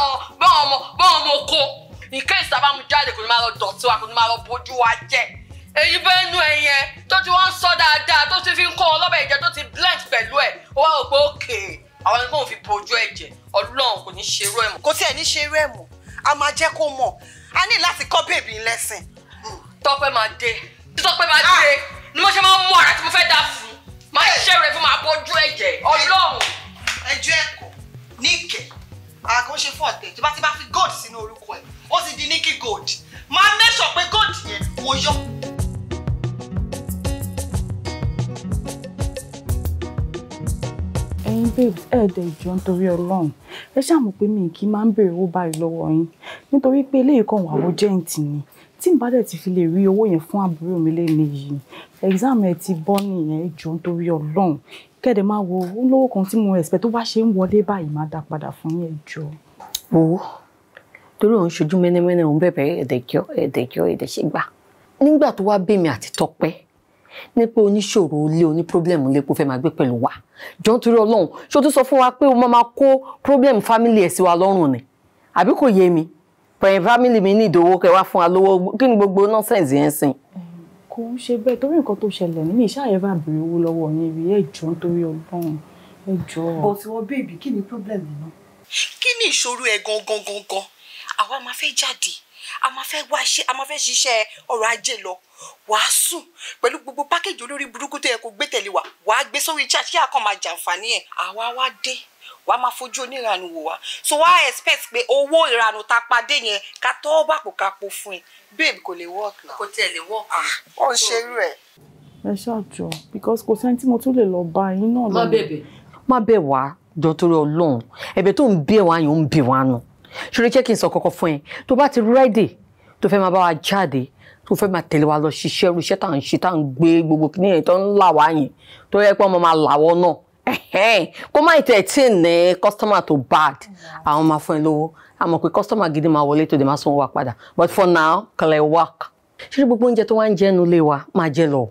ọmọ bẹ́ẹ̀ ọmọ oko nǹkan ìsàbá mu jáde kò ní máa lọ dọ̀tí wa kò ní máa lọ bójú wa jẹ́ èyí bẹ́ẹ̀ nu ẹ̀yẹn tó ti wọ́n sọ dáadáa tó ti fi ń kọ́ ọlọ́bẹ̀ ìjẹ́ tó ti blend pẹ̀lú ẹ̀ ó wá rò pé òkè àwọn ẹni kóun fi bójú ẹ̀jẹ̀ ọlọ́run kò ní ṣe máa máa ṣiṣẹ́ rẹ̀ fún máa bójú ẹ̀jẹ̀ ọlọ́run. ẹjọ́ ẹ̀kọ́ níkẹ́ àkànṣe fún ọ̀tẹ̀ tí bá fi gold sínú orúkọ ẹ̀ ó ti di níkì gold máa mẹ́sọ̀ pé gold yẹn mo yọ. ẹ̀yin babes ẹ̀ẹ́dẹ̀ ìjọ nítorí ọlọ́run ẹ ṣáà pé mi kì í máa ń béèrè owó báyìí lọ́wọ́ yín nítorí pé eléyìí kan wà wọ́n jẹ́ǹtì ni tí n bá dẹ̀ ti fi lè rí owó yẹn fún àbúrò mi lẹ́nu yìí exam ẹ̀ ti bọ́ nìyẹn jọ nítorí ọlọ́run kẹ́ẹ̀dẹ̀ máa wo olówó kan tí mo expect tó bá ṣe ń wọlé báyìí máa dá padà fún yẹn jọ. wo torí òun ṣojú mẹ́nẹ́mẹ́nẹ́ òun bẹ̀bẹ̀ ẹ̀dẹ̀jọ́ ẹ̀dẹ̀jọ́ ẹ̀dẹ̀ṣẹ́gbà nígbà tó wá bèmí àti tọpẹ́ ní pé oníṣòro ilé oní pírọ́blẹ̀mù ilé kò fẹ́ máa gbé pẹ̀lú wa jọ nítorí ọlọ́run ṣó tún sọ fún wa pé o máa máa kó pírọ́blẹ̀mù fámìlì ẹ̀ sí wa lọ́rùn ni àbí kò yé mi pẹ̀yìn fámìlì mi ní ìdòwò kẹ wá fún wa lówó kí ni gbogbo nọ́sẹ̀nsì yẹn sìn. kò ń ṣe bẹ́ẹ̀ torí nǹkan tó ṣẹlẹ̀ ní mi ìṣáàyẹ̀ bá béèrè owó lọ́wọ́ yín rí ẹ̀jọ́ nítorí ọgbọ́n ẹ̀jọ́. but wọ́n bèbí kí ni problem náà. kí ni ìṣòro ẹ̀ gangan gangan àwa máa fẹ́ jáde a máa fẹ́ wá ṣe a máa fẹ́ ṣiṣẹ́ ọrọ̀ ajé lọ wàá sùn pẹ̀lú gbogbo pákéjì olórí burúkú tó yẹ kó gbé tẹ̀lé wa wàá gbé sórí iṣẹ́ àṣìyà kan máa jàǹfààní ẹ̀ àwa wá dé wàá máa fojú oníranù wò wá so wàá expect pé owó ìranù tá a padé yẹn ká tọ́ bàpò ká po fún ẹ babe kò lè work náà. kò tiẹ̀ lè work. ó ń ṣe irú ẹ ṣáàjọ because kò sẹ́ni tí mo tún lè lọ bá yín náà lọ. má bẹ̀bẹ̀. má bẹ̀ wá dọ́tọ́rọ̀ ọlọ́run ẹ̀bẹ̀ tó ń bí ẹ̀wà yẹn ó ń bí wa nù ṣeré jẹ́ kí n sọ kọ́kọ́ fún ẹ tó bá ti rẹ́dì tó fẹ́ máa bá wa jáde tó fẹ́ máa tẹ̀lé wa lọ ṣiṣẹ́ irú iṣẹ́ tá à ń ṣe tá à ń gbé gbogbo kìnìyàn tó ń là wá tó yẹ pé ọmọ máa làwọ́ náà kó má tẹ̀ tí ní customer to bad àwọn máa fún ẹ lówó a mọ̀ pé customer gidi máa wọlé tó dé máa sanwó wa padà but for now kẹlẹ̀ work ṣé gbogbo oúnjẹ tó wá ń jẹ́nu lé wa máa jẹ lọ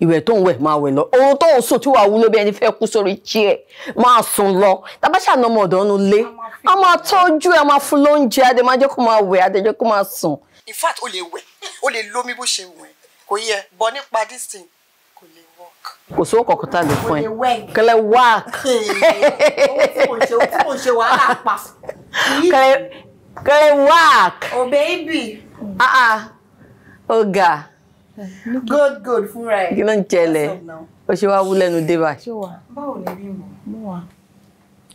ìwẹ̀ tó ń wẹ̀ máa wẹ̀ lọ oorun tó ń sùn tí wàá wúlò bí ẹni fẹ́ kú sórí chair máa sùn lọ tábàṣà nà ọmọ ọ̀dọ́ nu lé a máa tọ́jú ẹ máa fún lóúnjẹ adé máa jẹ́ kó máa wẹ̀ adé jẹ́ kó máa sùn. in fact o lè wẹ̀ o lè lómi bó ṣe wẹ̀ kò yẹ bọ́ nípa this thing kò sówó kọ̀ọ̀kan tá a lè fún ẹ kẹlẹ wá. kẹlẹ wá. o oh, baby. ah ah ọ̀gá. good good fúnra ẹ. kí ló ń jẹlẹ o ṣe wá wú lẹ́nu dé báyìí. báwo lè rí mọ.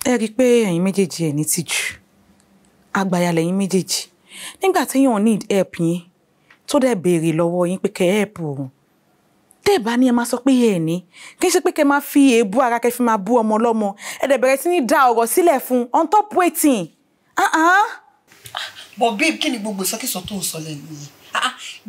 ẹ rí i pé ẹ̀yin méjèèjì ẹ̀ ní tìjú àgbàyà lẹ́yìn méjèèjì nígbà téèyàn need help yín tó dẹ̀ béèrè lọ́wọ́ yín pé kẹ́ help òun tẹ́ ẹ̀ bá ní ẹ máa sọ pé ẹ ní kí n ṣe pé kẹ́ máa fi èébú ara kẹ́ fi máa bú ọmọ ọlọ́mọ ẹ dẹ̀ bẹ̀rẹ̀ sí ní da ọ̀rọ̀ sílẹ̀ fún on top waiting. but babe kí ni gbogbo ìsọkísọ tó ń sọ lẹ́nu yìí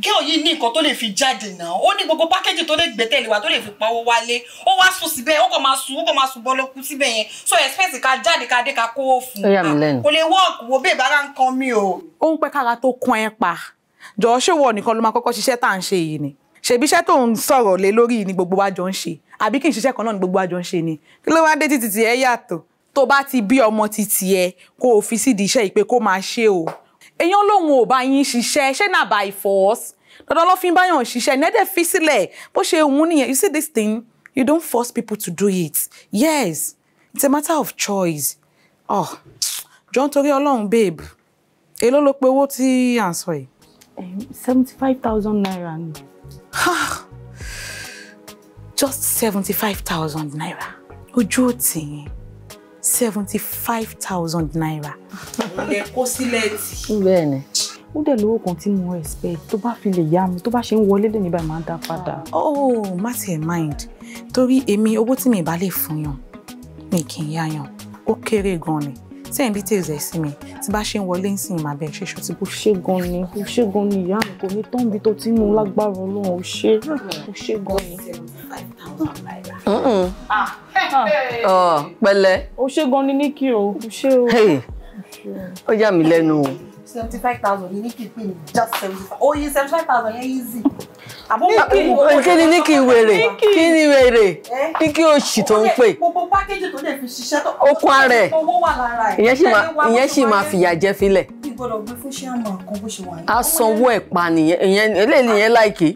gẹ́ọ̀ yìí ní nǹkan tó lè fi jáde náà ó ní gbogbo pákéjì tó lè gbẹ́tẹ̀lé wa tó lè fi pawó wálé ó wá sùn síbẹ̀ ó kàn máa sùn ó kàn máa sùn bọ́ ló síbẹ̀ yẹn so expect ká jáde ká dé ká kówó fún un ah, kò lè work wo bẹ́ẹ̀ bára ń kan mi o. ó ń pẹ́ kára tó kan ẹ pa jọ̀ọ́ ṣé wọ nìkan ló máa kọ́kọ́ ṣiṣẹ́ tá à ń ṣe yìí ni ṣèbí iṣẹ́ tó ń sọ̀rọ̀ lé lórí ni gbogbo wa jọ ń ṣe àbí kí n ṣiṣẹ́ kan náà ni gbogbo wa jọ ń ṣe ni kí ló wáá dé títí tiẹ yàtọ̀ tó bá ti bí ọmọ títí ẹ kó o fi sídìí iṣẹ́ ìpè kó máa ṣe o èèyàn lòun ò bá yín ṣiṣẹ́ ṣé náà by force dandan ló fi ń báyàn ṣiṣẹ́ nẹ́dẹ̀ fi sílẹ̀ bó ṣe wù nìyẹn you see this thing you don't force people to do it yes it's a matter of choice oh john ń torí ọlọ́run babe èló ló pe owó tí à ń sọ yìí. seventy five thousand naira ni. just seventy five thousand naira Ojo ò tì seventy five thousand naira. ọ̀lẹ́ kó sílẹ̀ tì. bẹ́ẹ̀ ni ó dẹ̀ lówó kan tí mo expect tó bá fi lè yá mi tó bá ṣe ń wọlé lè ní báyìí máa ń oh má mind torí èmi owó ti mi ì bá lè fún yàn mi kì í yá yàn ó gan ni tẹ́ ẹ̀ ń bí tèèzù ẹ̀ sí mi tí bá ṣe ń wọlé ń sìn màbẹ̀ ṣe ṣọ́ tí kò ṣe gan ni kò ṣe gan ni ìyá mi kò ní tán bí tó ti mú lágbára ọlọ́run ò ṣe kò ṣe gan ni. Ah, pẹ̀lẹ́. ò oh, ṣe gan ni ní kí o ò ṣe o. ó yà mí lẹ́nu o. 75,000. five thousand ní kí just seventy five oye oh, seventy five thousand yẹn easy. kí ni ní kí wèrè kí ni wèrè ní kí oṣù tó ń pè. gbogbo pákéjì tó lè fi ṣiṣẹ́ tó. okun ara ẹ̀ ìyẹn sì máa fìyà jẹ fílẹ̀. gbọ́dọ̀ gbé fún ṣé àmọ́ àkọ́bọ̀ṣe wà ní. a sanwó ẹ̀ pa nìyẹn eléyìí nìyẹn láìkè.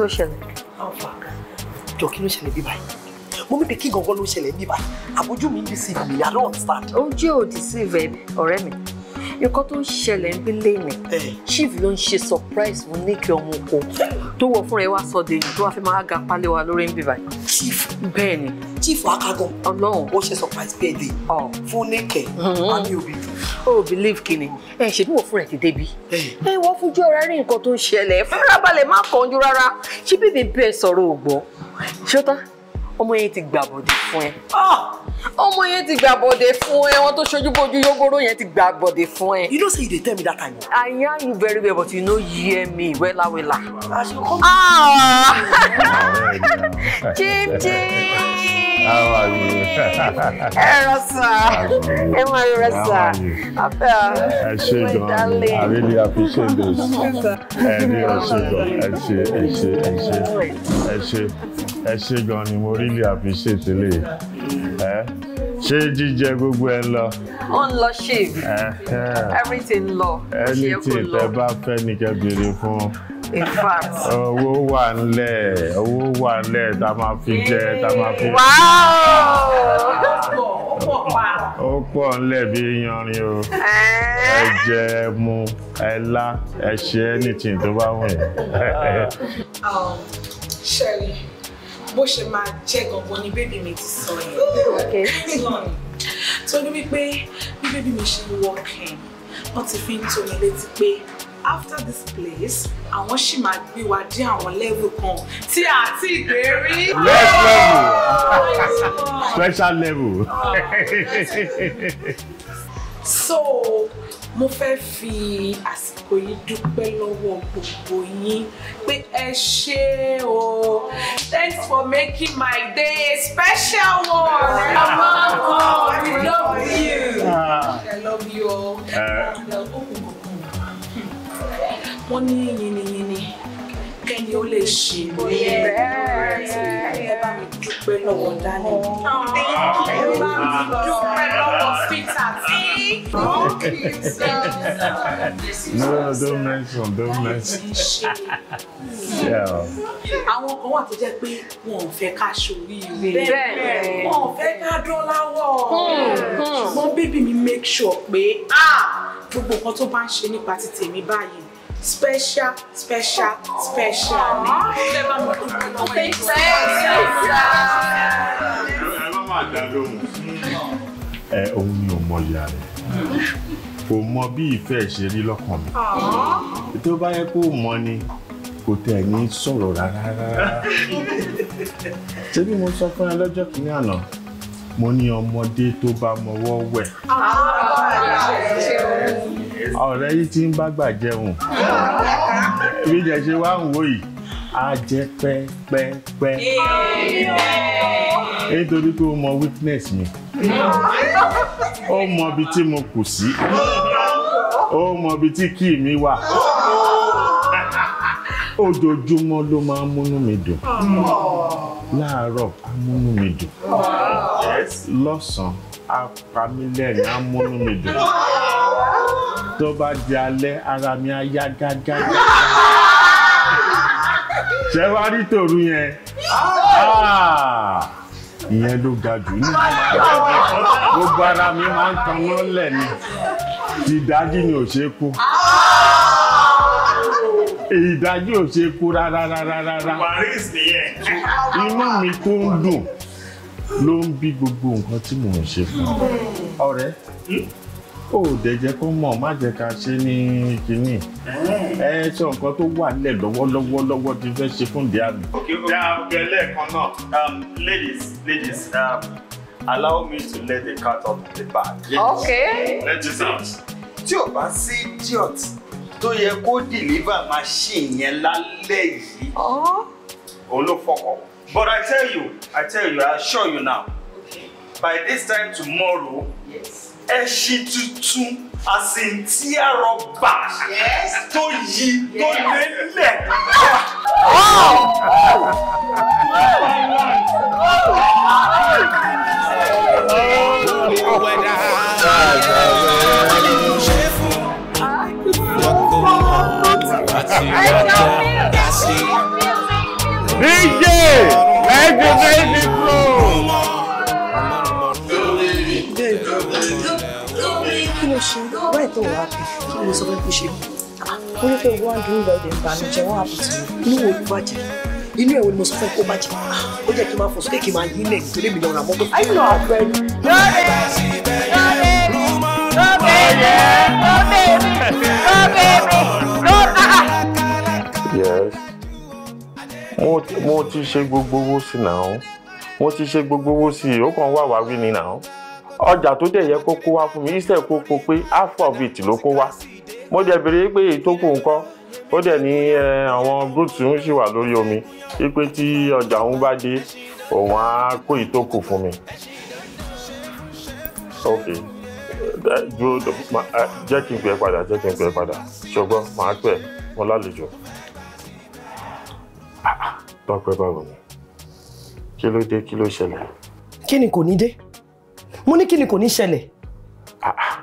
ló ṣẹlẹ̀. alfa oh, jọ kí ló ṣẹlẹ̀ bí báyìí mo mi pe kí gangan ló ṣẹlẹ̀ bí báyìí àbójú mi ń deceive mi i don't understand. ojú ò deceive ọ̀rẹ́ mi nǹkan tó ń ṣẹlẹ̀ ń bí lẹ́nì chief ló ń ṣe surprise fún níkẹ́ ọmọ oko tó wọ fúnra ẹ wá sọ de èyí tó wá fi máa ga pálẹ̀ wa lórí ń bì báyìí. chief bẹ́ẹ̀ ni. chief akagan ọlọ́run ó ṣe surprise bẹ́ẹ̀ de fún níkẹ́ àmì òbí. o believe kini ẹ ṣe bí wọ́n fúnra ẹ ti débi ẹ wọ́n fojú ọ̀rá rí nǹkan tó ń ṣẹlẹ̀ farabalẹ̀ má kánjú rárá ṣé bèbè bẹ́ẹ̀ sọ̀rọ̀ ògbọ́n ṣọ́tá ọmọ yẹn ti gbàbọ̀dẹ̀ fún ẹ. Ah! ọmọ yẹn ti gbà bọ̀dẹ̀ fún ẹ wọn tó ṣojú bójú yógóró yẹn ti gbà bọ̀dẹ̀ fún ẹ. you know say you dey tell me that time. i hear you very well but you no hear me wella wella. Ah! chimchim. how are you. ẹ rọ sá ẹ máa rọ sá abẹ́ a. ẹ ṣe gan i really appreciate this. ẹ ní ẹ ṣe gan ẹ ṣe ẹ ṣe ẹ ṣe ẹ ṣe ẹ ṣe gan ni mo really appreciate eléyìí ṣé jíjẹ gbogbo ẹ lọ. ó ń lọ ṣèlú everything lọ. anything tẹ bá fẹ́ nìkẹ́ béèrè fún. in fact. owó wà ńlẹ̀ owó wà ńlẹ̀ tá a máa fi jẹ tá a máa fi. ó pọ̀ ńlẹ̀ bí yanrìn o ẹ jẹ ẹ mu ẹ lá ẹ ṣe anything tó bá wù yín. ṣẹ́yìn. Um, bó ṣe máa jẹ́ gangan ni bébì mi ti sọ yẹn torí wípé bí bébì mi ṣe wọkìn wọ́n ti fi ń tó létí pé after this place àwọn ṣì máa gbé wa dé àwọn level kan tí a ti dé rí. next level oh, special level. Oh, so mo fẹ́ fi àsìkò yìí dúpẹ́ lọ́wọ́ gbogbo yín pé ẹ ṣé o thanks for making my day a special one ọmọ ọkọ we ah. love you eh. i love you all wọ́n ní yìnyín yìnyín kẹ́ni ó lè ṣe é oh, ẹ bá mi dúpẹ́ lọ́wọ́ dání. no don't mention don't mention. àwọn kan wà tó jẹ́ pé wọn ò fẹ́ ká ṣoríire bẹ́ẹ̀ wọn ò fẹ́ ká dọ́là wọ̀ hmm, hmm. ṣùgbọ́n bébì mi make sure pé ah, gbogbo nǹkan tó bá ń ṣe nípa ti tèmi báyìí special, special, special. Ẹ òun ni ò mọ ìyá rẹ̀. Kò mọ bí ìfẹ́ ṣe rí lọ́kàn mi. Tó bá yẹ kó mọ ni kò tẹ̀ ní sọ̀rọ̀ rárá. Ṣé bí mo sọ fún ẹ lọ́jọ́ kìíní àná? mo ní ọmọdé tó bá mọwọ́ wẹ̀. ọ̀rẹ́ yìí ti ń bá gbà jẹun bí jẹ ṣe wá ń wò yìí á jẹ pẹ́pẹ́pẹ́ nítorí pé ó mọ weakness mi ó mọ ibi tí mo kù sí ó mọ ibi tí kì mí wà ojoojúmọ́ ló máa ń múnú mi dùn láàárọ̀ amúnú mi dùn lọ́sàn-án apamílẹ̀rín amúnú mi dùn tó bá di alẹ́ ara mi á yá gágá ṣé wàá rí tòru yẹn ah! ìyẹn ló ga jù ní gbogbo ara mi máa ń taná lẹ̀ ni ti dájú ni ò ṣe kú ìdájí ò ṣe kú rárá rárá rárá inú mi tó ń dùn ló ń bí gbogbo nǹkan tí mò ń ṣe fún ọ ọ̀rẹ́ hmm? ó dẹ̀ jẹ́ kó mọ̀ má jẹ́ ká ṣe ní kínní ẹ sọ nǹkan tó wà nílẹ̀ lọ́wọ́lọ́wọ́ lọ́wọ́ tí fẹ́ ṣe fún ìdíyà mi. okay okay náà um, ladies ladies um, allow me to let the cat out the bag. Yes. okay. let it out. tí o bá sí idiot tó yẹ kó deliver machine yẹn lálẹ́ yìí òun ló fọkọ̀ but i tell you i tell you i assure you now okay. by this time tomorrow ẹṣin tuntun àsìntìyà rọba tó yí tó lélẹ̀ wà. Oh, DJ, Magic Kí ló ṣe? Wáyé tó wà bí? Kí ló sọ pé kó ṣe? Ó ní pé wọ́n ń dúró lọ́dẹ̀ ìbànújẹ́ wọ́n àbùtù. Inú wo ló bàjẹ́? Inú ẹ̀wọ̀n ni mo sọ fún kó bàjẹ́. Ó jẹ́ kí n máa fọ̀ sókè kí n máa yí lẹ̀ nítorí mi lọ́ra mọ́tò. Ayé lọ àpẹ. Lọ́dẹ̀ lọ́dẹ̀ lọ́dẹ̀ lọ́dẹ̀ lọ́dẹ̀ lọ́dẹ̀ yes mo mo ti ṣe gbogbo owó sí náà mo ti ṣe gbogbo owó sí i ó kàn wà wá ni náà ọjà tó dẹ̀ yẹ kó kó wá fún mi iṣẹ́ kó kó pé half of it ló kó wá mo dẹ̀ béèrè pé ètò kù ńkọ́ ó dẹ̀ ní àwọn gúúsù ń ṣì wà lórí omi wípé tí ọjà òun bá dé òun á kó ìtókù fún mi. ok dúró jẹ́ kí n pè padà jẹ́ kí n pè padà ṣùgbọ́n màá pè mo lálejò. Tọ́pẹ́ báwo ni? Kí ló dé kí ló ṣẹlẹ̀? Kí ni kò ní dé? Mo ní kí ni kò ní ṣẹlẹ̀? Ah, ah.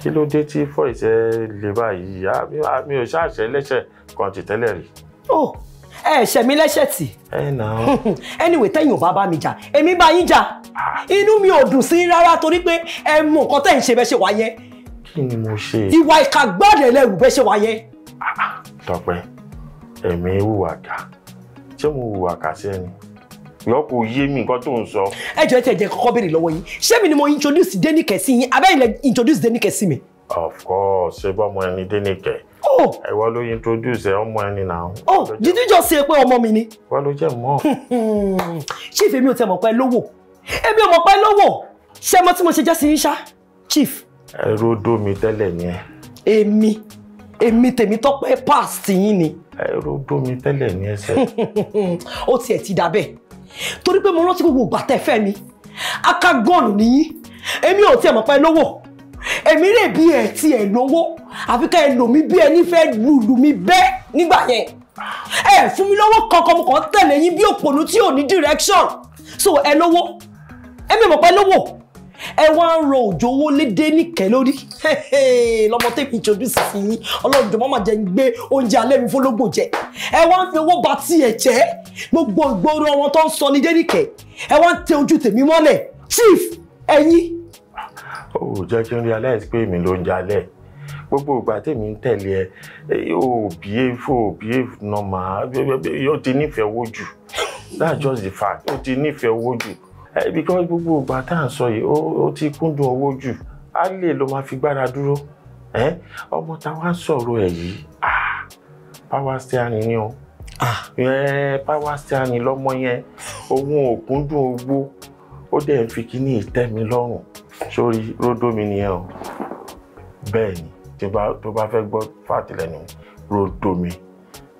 Kí ló dé tí fọ́ ìṣẹ́ lè báyìí? Ah, mi ò ṣàṣẹ lẹ́ṣẹ̀ kan ti tẹ́lẹ̀ rí. Oh, ẹ ṣẹ̀ mí lẹ́ṣẹ̀ tì. Ẹ nà Anyway, tẹ́yìn ò bá bá mi jà, èmi bá yín jà. Inú mi ò dùn sí rárá torí pé ẹ mọ nǹkan tẹ́ ń ṣe bẹ́ ṣe wá yẹn. Kí ni mo ṣe? Ìwà ìkàgbọ́dẹ̀ lẹ́rù bẹ́ ṣe wá yẹn. Tọ́pẹ́, ẹ̀mí wùwà dáa ṣé mo hùwà kàṣẹ́ ni yọ kò yé mi nǹkan tó ń sọ. ẹ jọ ẹ tẹ jẹ kọ́kọ́ béèrè lọ́wọ́ yín ṣé mi ni mo introduce Denike sí yín abẹ́yìn lẹ introduce Denike sí mi. of course ṣé bọ́mọ ẹni Denike. oh ẹ̀wọ́ ló introduce ẹ ọmọ ẹni náà. oh did you just say pé ọmọ mi ni. wọ́n ló jẹ́ mọ́. Hmm, hmm. chief èmi ò tẹ mọ̀ pé lówó èmi ò mọ̀ pé lówó ṣé mo tí mo ṣe jẹ́ sí yín ṣá chief. ẹ ròdó mi tẹ́lẹ̀ yẹn. èmi èmi tèmi tọ́pẹ́ past yín ni ẹrú gbómi tẹ́lẹ̀ ní ẹsẹ̀. ó tiẹ̀ ti dà bẹ́ẹ̀ torí pé mo rántí gbogbo ìgbà tẹ́ fẹ́ mi akágọ́ọ̀nù nìyí èmi ò tiẹ̀ mọ̀ pé lówó èmi rè bí ẹ̀ tiẹ̀ lówó àfi ká ẹ lò mí bí ẹni fẹ́ lùlù mi bẹ́ẹ̀ nígbà yẹn ẹ fún mi lówó kankan mo kàn tẹ̀lé yín bí òpònú tí ò ní direction so ẹ lówó èmi mọ̀ pé lówó ẹ wá ń ro òjò owó lédè níkẹ́ lórí lọmọ tẹ́mi introduce sí yín ọlọ́run jọ̀ọ́ má jẹ́ ń gbé oúnjẹ alẹ́ mi fọlọ́gbò jẹ ẹ wá ń fi owó ba tiẹ̀ jẹ́ gbogbo ìgboro wọn tó ń sọ ní jẹ́nìkẹ́ ẹ wá ń tẹ ojú tèmi mọ́lẹ̀ chief ẹ̀yin. ó jẹ́ kí n realize pé èmi ló ń jalè gbogbo ìgbà tèmi ń tẹ̀lé ẹ ò behave ò behave normal yóò ti nífẹ̀ẹ́ owó jù that's just the fact ó ti nífẹ̀ẹ́ owó jù because gbogbo ìgbà tá à ń sọ yìí ó ti kúndùn owó jù á lè lọ máa fi gbára dúró ọmọ táwa ń sọ̀rọ̀ ẹ̀ yìí power steering ni o power steering lọ́mọ yẹn òun ò kúndùn ogbó ó dẹ̀ ń fi kíní ìtẹ́mi lọ́rùn sórí ródó mi nìyẹn o bẹ́ẹ̀ ni tó bá fẹ́ gbọ́ fàtìlẹ́nu ródó mi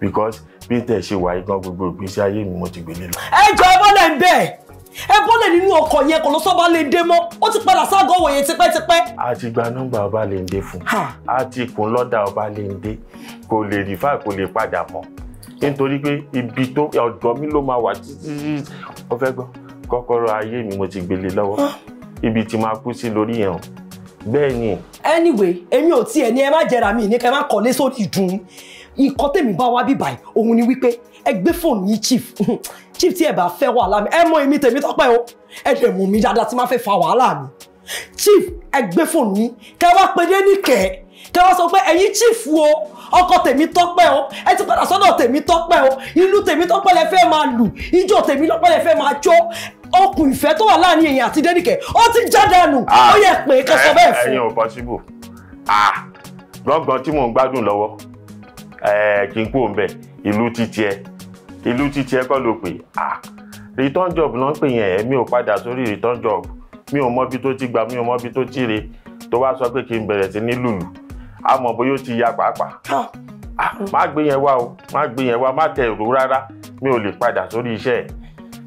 because bí tẹ̀ ṣe wà igan gbogbo ìgbésí ayé mi mo ti gbélé lọ. ẹ jọ ọmọ náà ń bẹ́ẹ̀ ẹ bọ́lẹ̀ nínú ọkọ̀ yẹn kò ló sọ́ba lè dé mọ́ ó ti padà ságọ́ òwòye tipẹ́tipẹ́. a ti gba nọ́mbà Ọbalende fún a ti kún lọ́dà Ọbalende kò lè rìfà kò lè padà mọ́ nítorí pé ibi tó ọ̀dọ̀ mi ló máa wà títí ó fẹ́ gbọ́ kọ́kọ́rọ́ ayé mi mo ti gbélé lọ́wọ́ ibi tí máa kú sí lórí yẹn o bẹ́ẹ̀ ni. anyway èmi ò tiẹ̀ ní ẹ má jẹra mi ní ká má kọ́lé sórí ìdùn nǹkan tèmi bá wá bíbáyìí òun ni wípé ẹ fóònù yìí chief chief tí ẹ bá fẹ́ wàhálà mi ẹ mọ èmi tèmi tọ́pẹ́ o ẹ dẹ̀ mú mi dáadáa tí máa fẹ́ fa wàhálà mi chief ẹ gbé fóònù yín kẹ wá pe dé nìkẹ́ kẹ wá sọ pé ẹ̀yin chief o ọkọ tèmi tọ́pẹ́ o ẹ ti padà sọ́dọ̀ tèmi tọ́pẹ́ o ìlú tèmi tọ́pẹ́ lẹ fẹ́ máa lù ijó tèmi tọ́pẹ́ lẹ fẹ́ máa jó okùn ìfẹ́ tó wà láàrin èèyàn àti dẹ́nìkẹ́ ó ti já dànù ah. ó yẹ pé kẹ sọ bẹ́ẹ̀ fún. ẹyin ò possible ah gbọ̀ngàn tí mò ń gbádùn lọ́wọ́ kí n kú òun bẹ̀ ìlú títí ẹ ìlú títí ẹ̀kọ́ ló pè ah return job náà ń pè yẹn èmi ò padà sórí return job mi ò mọ bí tó ti gbà mi ò mọ bí tó ti re tó wá sọ pé kí n bẹ̀rẹ̀ sí ní lùlù a mọ̀ bóyá ó ti ya pàápàá má gbé yẹn wá o má gbé yẹn wá má tẹ èrò rárá mi ò lè padà sórí iṣẹ́ ẹ̀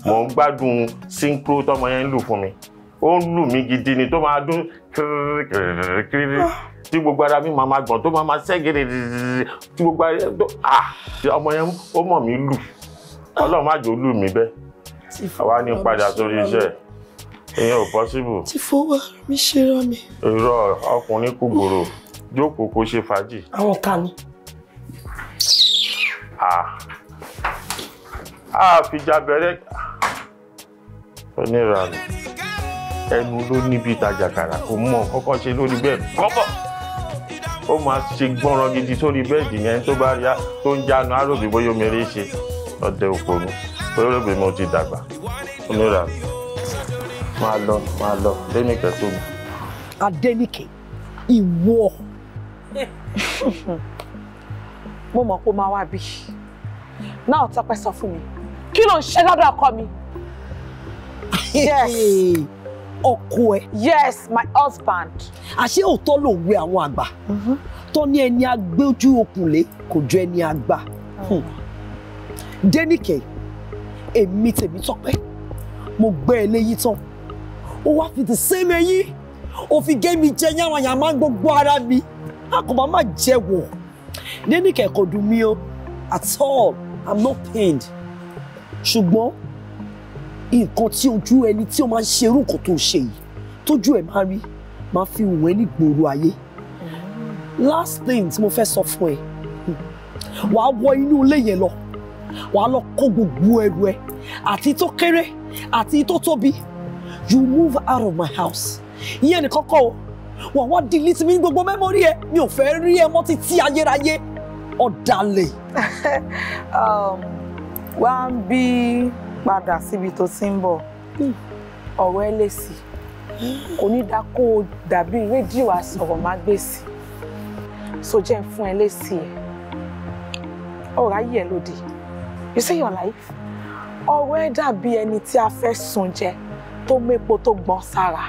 mò ń gbádùn synchro tọmọ yẹn ń lù fún mi ó ń lù mí gidi ni tó máa dún kírìkírìkírì tí gbogbo ara mi máa ma gbọ̀n tó máa ma ṣẹ́gẹ̀rẹ̀ tí gbogbo ara tó ọmọ yẹn ó mọ̀ mí lù ọlọ́run má jò lù mí bẹ́ẹ̀ àwa ní padà sórí iṣẹ́ ìyẹn ò possible. ti fowó mi ṣe rán mi. irọ́ ọkùnrin kù gbòòrò hmm. jókòó kó ṣe fàájì. àwọn ta ni. a fìjà bẹ̀rẹ̀ onírànù ẹnu ló níbi ìtajà kàrà kò mọ kọ́kọ́ ṣe lórí bẹ́ẹ̀ kọ́bọ̀ ó máa ṣe gbọ́nran gidi sórí bẹ́ẹ̀dì yẹn tó bá yá tó ń jánu aròbí bóyá omi eré ṣe ọdẹ òpònú bóyá olóògbé mo ti dàgbà onírà máa lọ máa lọ Adénìkẹ́ tó mi. Adénìkẹ́ ìwọ mo mọ̀ pé ó máa wá bí náà Tọ́pẹ́ sọ fún mi kí ló ń ṣe lọ́dọ̀ ọkọ mi. yes ọkọ ẹ. yes my husband. àṣé òótọ́ ló wẹ àwọn àgbà mm-hmm. tó ní ẹni agbójú okùnlé kò ju ẹni àgbà. Hmm. dénìkẹ́ èmi tèmi tọ́pẹ́ mo gbẹ́ ẹ léyìí tán ó wá fi ti sẹ́mi ẹyìn ó fi gé mi jẹ yàmàyàmá gbogbo ara mi a kò bá má jẹ wọ̀ dénìkẹ́ kò dùn mí o at all i'm not pained ṣùgbọ́n nǹkan tí ojú ẹni tí ó máa ń ṣe irú nǹkan tó ṣe yìí tójú ẹ̀ máa rí máa fi wọ́n ní gbòòrò ayé last thing tí mo fẹ́ sọ fún ẹ wàá wọ inú ilé yẹn lọ wàá lọ kó gbogbo ẹrù ẹ àti tó kéré àti tó tóbi you move out of my house ìyẹn nìkan kọ́ o wọ́n wá delete mi ní gbogbo mẹ́mórì ẹ mi ò fẹ́ rí ẹ mọ́ títí ayérayé ọ̀dàlẹ̀. Um, wá ń bí padà síbi tó ti ń bọ̀ ọ̀rọ̀ ẹ lè sí kò ní dá kó o dàbí rédíò àsọ̀rọ̀ má gbèsè so jẹ́ fún ẹ lè sí ẹ ọ̀rọ̀ ayé ẹ lòdì you see your life ọ̀rọ̀ ẹ dàbí ẹni tí a fẹ́ sùn jẹ tó mépo tó gbọ́n sára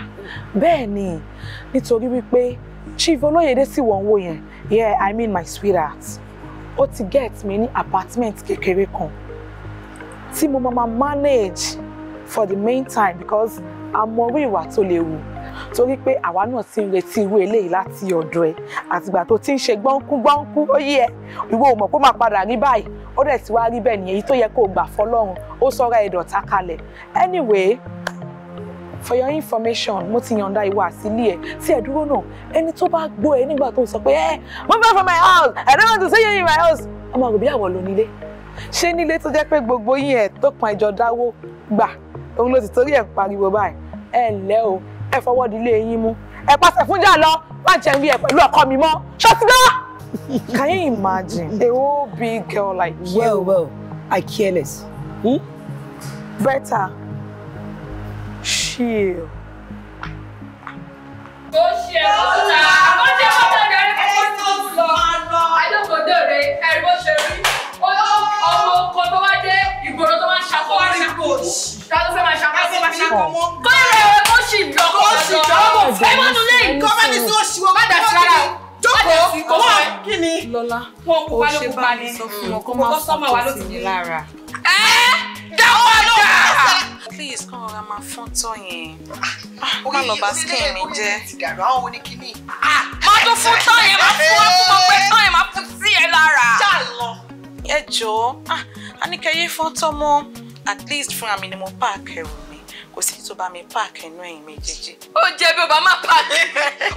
bẹ́ẹ̀ ni nítorí wípé chief olóyèdè sì wọ́n wò yẹn yeah i mean my sweetheart ó ti get me ní apartment kékeré kan tí mo mama manage for the main time because a mọ orí ìwà tó lè wù torí pé àwa náà ti ń retí irú eléyìí láti ọ̀dọ̀ ẹ̀ àtìgbà tó ti ń ṣe gbọ́nkú gbọ́nkú ó yí ẹ ìwọ ò mọ̀ pé ó máa padà rí báyìí ó dẹ̀ ti wá rí bẹ́ẹ̀ nìyẹn èyí tó yẹ kó o gbà fọlọ́run ó sọ́ra ẹ̀dọ̀ta kalẹ̀ anyway for your information mo ti yànda ìwà àsílì ẹ tí ẹ dúró náà ẹni tó bá gbọ́ ẹ nígbà tó sọ pé ẹ eh, mo fẹ́ from my house I don't want to see you in my house ọmọ àgbẹ̀bí àwọ̀ lónílé ṣé nílé tó jẹ́ pé gbogbo yín ẹ̀ tó pan ìjọ dáwó gbà òun ló ti torí ẹ̀ pariwo báyìí ẹ ǹlẹ́ o ẹ fọwọ́ yín mú ẹ pàṣẹ fún jà lọ má jẹun bí ẹ pẹ̀lú ọkọ mi mọ́ ṣọ́sílá. Can you imagine a whole big girl like you? Well, well, I careless. Hmm? Better. Chill. Go share water. Go share water. Go share water. I don't go there. I don't go there ọmọ oko tó wá dé ìgboro tó máa ń ṣàkó wá ṣàkó ta ló fẹ́ máa ṣàkó fẹ́ máa ṣàkó mọ́. kọ́lẹ̀ rẹ̀ kó sì lọ kó sì lọ ẹ má tún lé nǹkan bá ní sí oṣù wọn bá dà sí ara jókòó wọn kí ni. lọ́lá wọn kò bá ló kó bá ní kókó sọ́mọ wa ló ti ní lára. ẹ dáwọ́ dáa. please kàn rọra ah, máa fọ́n tọ́ yẹn má lọ bá skin mi jẹ́. Ah, má tún fún tọ́ yẹn má fún ọkùnrin pé tọ́ yẹn má fún sí ẹ lára ẹ jọ̀ọ́ àníkẹ́yẹ ah, fọ́n tọ́mọ at least fún àmì ni mo páàkì ẹrù mi kò sí tó bá mi páàkì ẹnu ẹ̀yìn méjèèjì. ó jẹ́ bí o bá má páàkì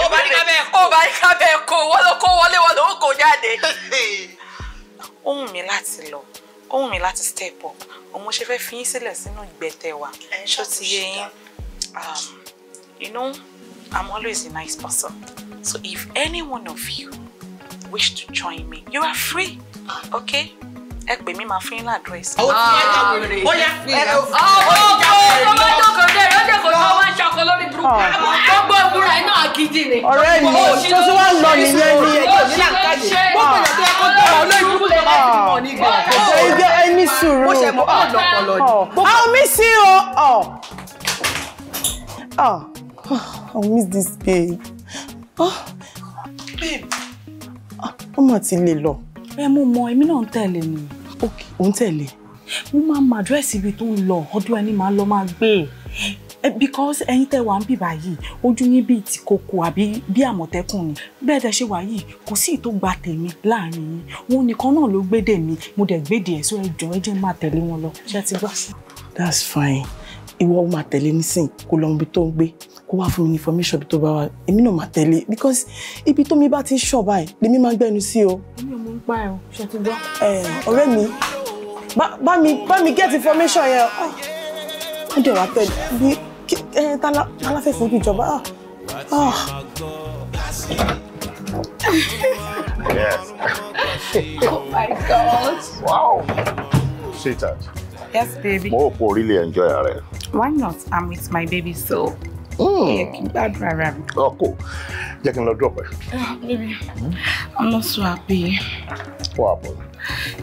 ó bá ní kábẹ́ ó bá ní kábẹ́ kó wọ́n ló kó wọlé wọ́n ló kó jáde. ó wù mí láti lọ ó wù mí láti step up òun mo ṣe fẹ́ fi yín sílẹ̀ sínú ìgbẹ́tẹ̀ wa ṣó ti yé yín um, you know I'm always a nice person so if any one of you wish to join me you are free ok ẹ pè mí máa fún yín ládírẹ́sì. ó ti máa jà wèrè ó yà ẹ lọ. ọwọ́ ọwọ́ ọmọ tó kò dé ó dé kò tó wá ṣàkó lórí burúkú. gbogbo ìbúra iná àkìdí ni. ọ̀rẹ́ mi tó tún wá ń lọ nìyẹn ni ẹjọ́ mi náà káyè. gbogbo ìyá tó yẹ kó gbọ́ ọ lórí burúkú lè láti mọ̀ ní gbà. kò tó ń gbé ẹni sùúrù. mo ṣe mọ ọlọpọlọ ni. I miss you o. Oh, I miss this babe. Oh, babe. Ó mà ti lè lọ ẹ mo mọ èmi náà ń tẹ̀lé ni. ok ò ń tẹ̀lé. mo máa mọ àdírẹ́sì ibi tó ń lọ ọdún ẹni máa lọ máa gbé e because ẹ̀yin tẹ́ wà ń bì báyìí ojú yín bíi ti kòkò àbí bí àmọ̀tẹ́kùn ni bẹ́ẹ̀ dẹ ṣe wà yìí kò sí ìtò gba tèmi láàrin yín wọn nìkan náà ló gbédè mi mo dẹ̀ gbédè ẹ̀ sọ ẹ jọ̀ọ́ ẹ jẹ́ máa tẹ̀lé wọn lọ that's fine ìwọ máa tẹ̀lé nísìn kó lọ ibi tó ń gbé kó wá fún mi information bí tó bá wà èmi náà máa tẹ̀lé because ibi tó mi bá ti ń ṣọ̀ báyìí lèmi máa ń gbẹ́nu sí o. èmi ò mú pa ẹ̀ o ṣe ti gbọ́. ọ̀rẹ́ mi bá mi bá mi get information yẹn o wọ́n dẹ̀ wá tẹ̀lé bí tálá fẹ́ fojú ìjọba. Ah, ah. Yes. oh my God. Wow. Sweetheart. Yes, baby. Mo hope you really enjoy it. Why not? I'm with my baby, so Oh. jẹ́ kí n lọ drop ẹ. Ah, baby i'm not so happy. what happened.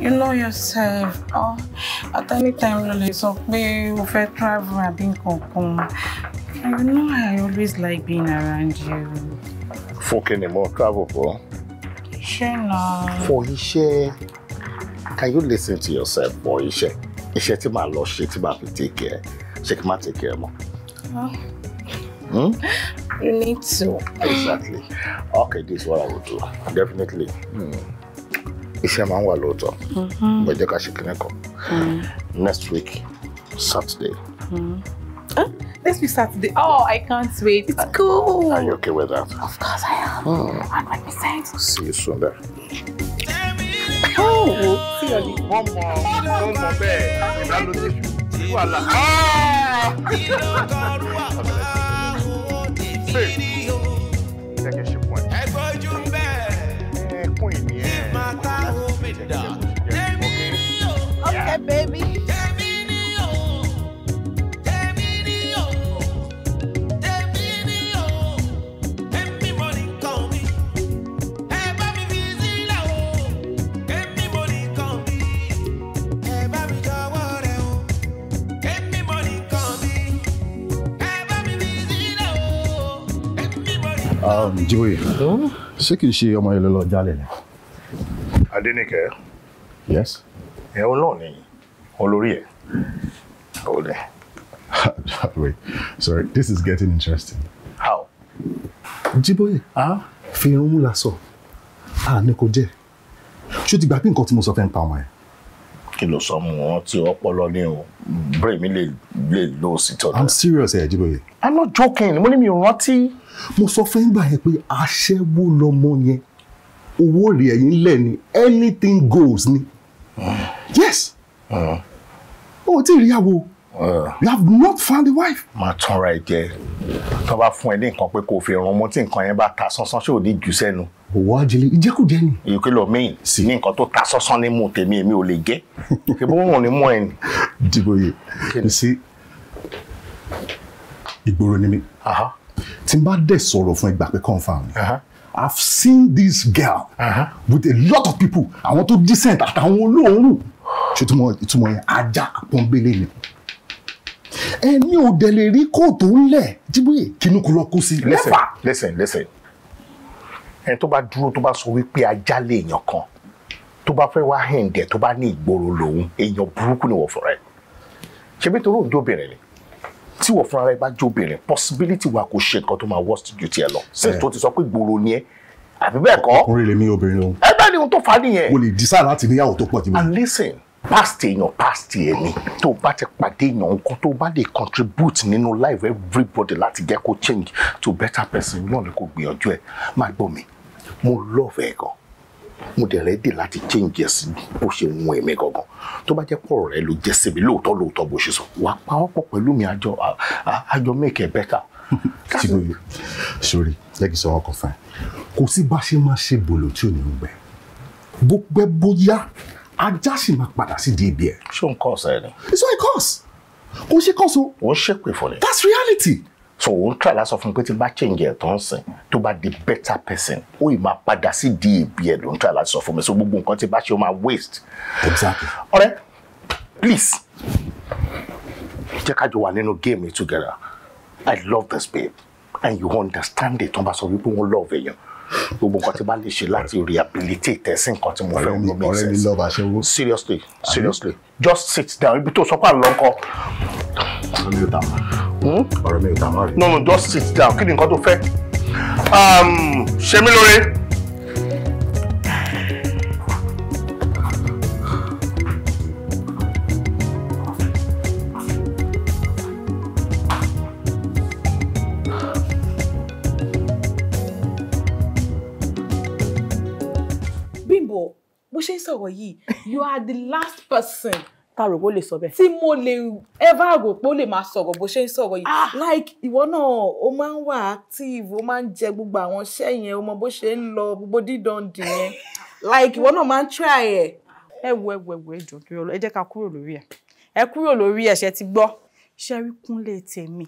you know yourself oh, at any time ló lè sọ pé o fẹ́ travel àbí nǹkan kan you know i always like being around you. fún kí ni mo travel for. iṣẹ́ náà. for iṣẹ́ can you listen to yourself for iṣẹ́ iṣẹ́ tí màá lọ ṣe tí màá fi take care ṣé kí n má take care mọ́. Well. Hmm? You need to. Exactly. Okay, this is what I will do. Definitely. Hmm. Iṣẹ́ máa ń wà lóòótọ́. Mo mm-hmm. mm-hmm. Next week, Saturday. Mm. Huh? Next week, Saturday. Oh, I can't wait. It's cool. Are you okay with that? Of course I am. Mm. 100%. See you soon there. Oh, see you. Wọ́n mọ̀ wọ́n mọ̀ bẹ́ẹ̀ ìdálóṣèṣù wàhálà. Ah! Eh, okay, baby. Um, Jiboye ṣé kìí ṣe ọmọ yẹn ló lọ jálẹ̀ ni. Adénìkẹ́. Yes. Ẹ̀hún náà ni olórí ẹ̀. o lẹ̀. Wait, sorry, this is getting interesting. How? Jiboye. Huh? Fi irun mú lasọ. A ní kò jẹ́. Ṣé o ti gbà pé nǹkan tí mo sọ fẹ́ ń pa ọmọ yẹn? Kí ló sọ mu wọn tí ọpọlọ ní o? Brain mi lè lò sí tọ́jú. I'm serious ẹ̀ eh, Jiboye. I'm not joking. Mo ní mi rántí mo sọ fún ìgbà yẹn pé aṣẹ́wó lọmọ yẹn owó rẹ̀ ẹ̀yìn lẹ̀ ni anything goes ni yes o ti rí ìyàwó uh. you have not found a wife. máa tán ra ẹ jẹ tó bá fún ẹ ní nǹkan pé kò fi rún mú tí nǹkan yẹn bá ta sánsán ṣé ò ní jù sẹ́nu. òwò àjẹlẹ ìjẹkùjẹ ni. ìyókè lọ mí sì ní nǹkan tó ta sánsán ní mú tèmi èmi ò lè jẹ ṣé bó wọn ní mú ẹ ni. dìbò yìí kí ni sí ìgboro ni mi tí n bá dẹ̀ sọ̀rọ̀ fún ẹgbà pé confam ni. I've seen this girl uh-huh. with a lot of people àwọn tó decent àtàwọn olóòórùn ṣètùmọ̀ ìtumọ̀ yẹn ajá pọ́nbélé ni ẹni ò dẹ̀ lè rí kóòtù ńlẹ̀ jíbúyè kínú kó lọ kó sí lẹ́fà. lẹ́sẹ̀ lẹ́sẹ̀ ẹni tó bá dúró tó bá sọ wípé ajá lè èèyàn kan tó bá fẹ́ wá hẹ̀ǹdẹ̀ tó bá ní ìgboro lòun èèyàn burúkú ni wọ́n fọ̀rọ̀ ẹ̀ ṣebí torí òjò obìnrin ni tí wọ́n fúnra rẹ̀ bá jó obìnrin possibility wa kò ṣe nǹkan tó máa worst ju tiẹ̀ lọ since eh. tó ti sọ pé gbòòrò ni ẹ àbí bẹ́ẹ̀ kọ́ ọkùnrin lè mí obìnrin o ẹgbẹ́ ni ohun tó fa nìyẹn. o lè dísà láti níyàwó tó pọ̀ jù mí. and listen past èèyàn past èèyàn ni tó bá ti pàdé èèyàn nǹkan tó bá lè contribute nínú life everybody láti jẹ́ kó change to better person náà ni kò gbìyànjú ẹ̀ máa gbọ́ mi mo love ẹ̀ gan-an mo dẹ̀ rẹ́dì láti change ẹ̀ sí bó ṣe ń wọn èmi gangan tó bá jẹ́ pọ̀ rẹ ló jẹ́ síbi lóòótọ́ lóòótọ́ bó ṣe sọ wà á pawọ́ pọ̀ pẹ̀lú mi àjọ àjọ make it better. tí sori lẹ́kì sọ ọkọ̀ fún ẹ kò sí bá ṣe máa ṣe bòlò tí ò ní gbẹ bó pẹ́ bóyá ajá sì máa padà sí di ibi ẹ̀. ṣé o ń kọ́ ọ̀sẹ̀ ni. it's not a curse kò ṣe kọ́ so. wọ́n ṣépè fún ni. that's reality so òun try láti sọ fún mi pé tí n bá change ẹ̀ tó ń sìn tó bá di better person ó ì máa padà sí di èbí ẹ̀ ló ń try láti sọ fún mi so gbogbo nǹkan tí n bá ṣe ó máa waste. exactly. ọ̀rẹ́ right, please jẹ́ ká jọ wà nínú game together i love this babe and you understand it tó ń bá sọ wípé wọ́n love èèyàn gbogbo nǹkan tí bá lè ṣe láti rehabilitate ẹ̀sìn nǹkan tí mo fẹ́ ló mi ṣe seriously seriously just sit down ibi tó sọ pé àlọ́ nǹkan. ọ̀rọ̀ mi ò tà mọ́ hmm? ọ̀rọ̀ mi ò tà mọ́ no no just sit down kí ni nǹkan tó fẹ́ um, ṣe mí lóore. bó ṣe ń sọ̀rọ̀ yìí you are the last person tààrò bó lè sọ bẹ́ẹ̀. tí mo lè ever rò pé ó lè máa sọ̀rọ̀ bó ṣe ń sọ̀rọ̀ yìí. Ah! like ìwọ náà o máa ń wà active o máa ń jẹ gbogbo àwọn iṣẹ́ yẹn o mọ bó ṣe ń lọ gbogbo dídọ̀ǹdì yẹn like ìwọ náà máa ń try ẹ̀. ẹ wo ẹ wo ẹ wo ẹ jọ kúrò ẹ jẹ́ ká kúrò lórí ẹ̀ ẹ kúrò lórí ẹ̀ ṣe ti gbọ́ ṣe rí kúnlé tèmi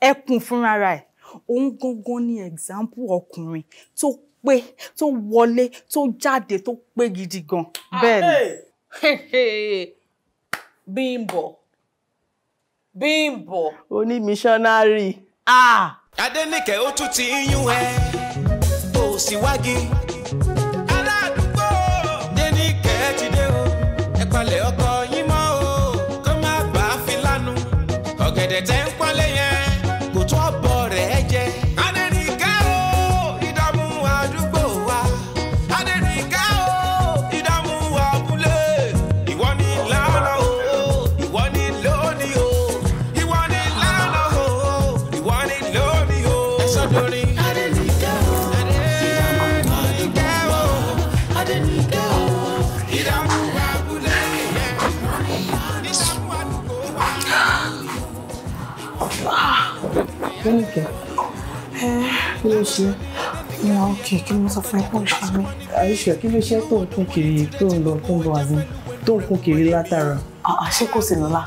ẹ kún fúnra ẹ̀ òun gangan ni example ọkùnrin tó pé tó ń wọlé tó ń jáde tó pé gidi gan ah, bẹ́ẹ̀ ni. Bímbọ́ Bímbọ́. onímísọ́nárì. Adéníkẹ́ ah! ó tún ti yún ẹ ó sì wági aládùúgbò Déníkẹ́ ti dé o ẹ palẹ̀ ọkọ yín mọ́ o kó má bàa fi lánàá ọ̀gẹ̀dẹ̀ tẹ́ ń. kí ló ṣe ìyá òkè kí mo sọ fún ẹ kó àyíṣe kí ló ṣe tó ń kún kiri tó ń lọ tó ń lọ àbí tó ń kún kiri látara. àṣé kò sí lọ́la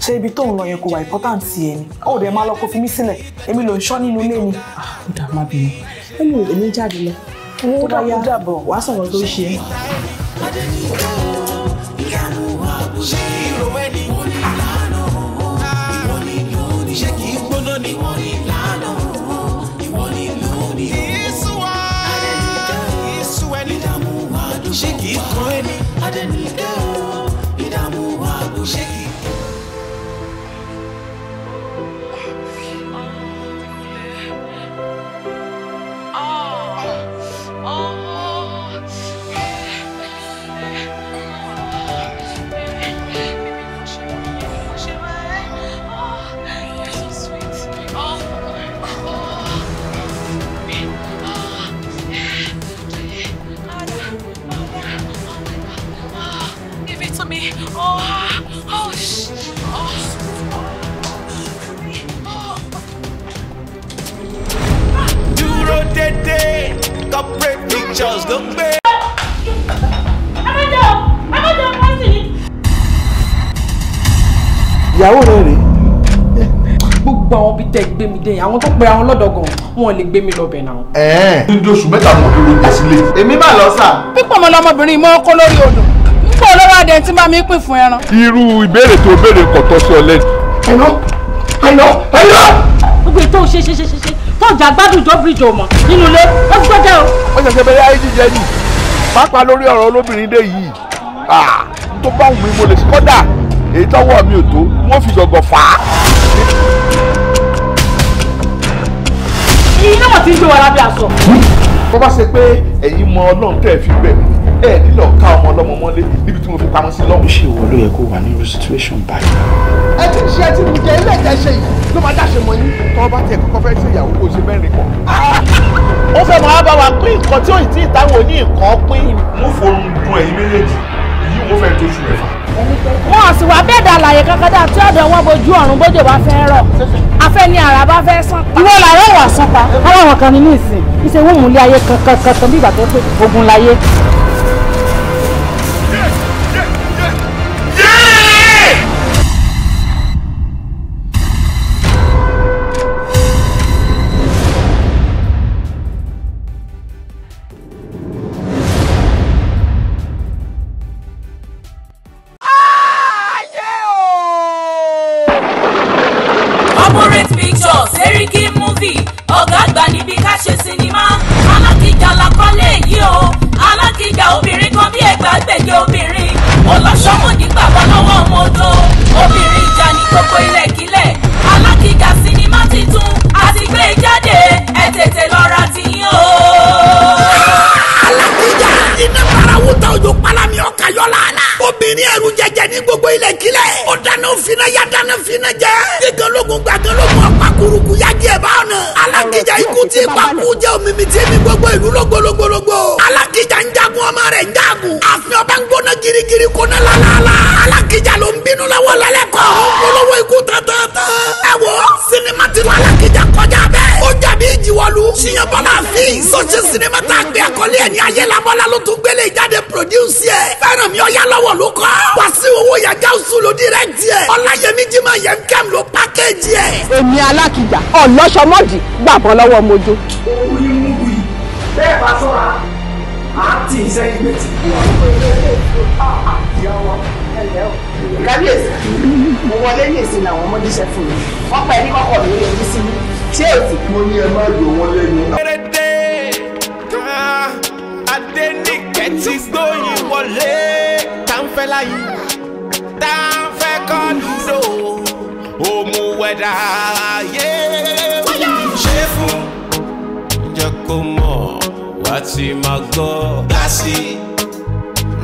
ṣé ibi tó ń lọ yẹn kò wà important yẹn ni ó dẹ̀ máa lọ kó fi mí sílẹ̀ èmi ló ń ṣọ́ nínú ilé ni. ó dà má bínú ẹnu èmi jáde lọ. owó bá wàá sọ̀rọ̀ tó ṣe é. Charles ló ń gbé. ìyàwó rẹ rèé. gbogbo àwọn bíi tẹ gbé mi dé àwọn tó pe àwọn lọ́dọ̀ gan wọn lè gbé mi lọ́bẹ̀ náà. ẹ̀ẹ́n ní oṣù mẹ́ta mọ̀ ló ló dé sílé. èmi máa lọ sà. pípọ̀ mọ́ lọmọbìnrin mọ́ kó lórí odò ń pọ̀ lọ́wọ́ adé tí máa mi pè fún ẹran. irú ìbéèrè tó béèrè kò tọ́ sí ọ lẹ́nu. àìná àìná àìná. gbogbo ètò òṣèṣeṣeṣe kọjá gbádùn tó bíríjì ọmọ nínú ilé ó ti gbọ́dọ̀ o. ó ṣẹ̀ṣẹ̀ bẹ̀rẹ̀ ayé jíjẹ ni pápá lórí ọ̀rọ̀ olóbìnrin dé yìí tó bá wù mí mo lè kọ́dà èyí tọ́wọ́ mi ò tó wọ́n fi gọ̀gọ̀ fà á. iye náà ti ń gbé wa lábẹ́ aṣọ. bó bá ṣe pé ẹ̀yin mọ ọlọ́run tẹ́ ẹ fi bẹ̀ ẹ nílò ká ọmọ ọlọ́mọ mọ́lé níbi tí mo fi pamọ́ sí lọ́hùn. ó ṣe ìwọ ló yẹ kó wà nínú situation báyìí. ẹ ti ṣe ẹ ti mú jẹ ilé ìjẹsẹ yìí ló máa dáṣe mọ yín tọ́ bá tiẹ̀ kọ́kọ́ fẹ́ ṣe ìyàwó kó ṣe mẹ́rin pọ̀. ó fẹ́ máa bá wa pín nǹkan tí òyìn tí ìtawọ̀ ní nǹkan pín. mo forun dun ẹ̀yin méjèèjì yìí mo fẹ́ tóṣù rẹ̀ fà. wọn ò sì wá bẹ́ẹ̀ dà láàyè kankan dáa tí ọ̀dọ̀ wọn bojú ọ̀run bójú bá fẹ́ rọ̀ afẹ́ ni ara bá fẹ́ sán ìwọ làárọ̀ wà sán pa aláwọ̀ kan ní nísìn ìṣèwọ̀n mú ayé kankan kankan bí ìgbà tó pé ogun láyé. ọ̀lọ́sọmọ́dì gbàbọ́ lọ́wọ́ mojo. orí mú bí bẹ́ẹ̀ bá sọ́ra á ti ìsẹ́gbẹ̀tì. kábíyèsí mo wọlé ní èsì ah, gbóyin wọlé tá láyé tá kọ́ lùdó òmùwẹ̀dá. see my God. Glassy.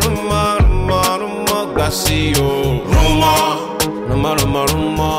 Rumor, rumor, rumor, glassy, oh. Rumor. Rumor, rumor, rumor.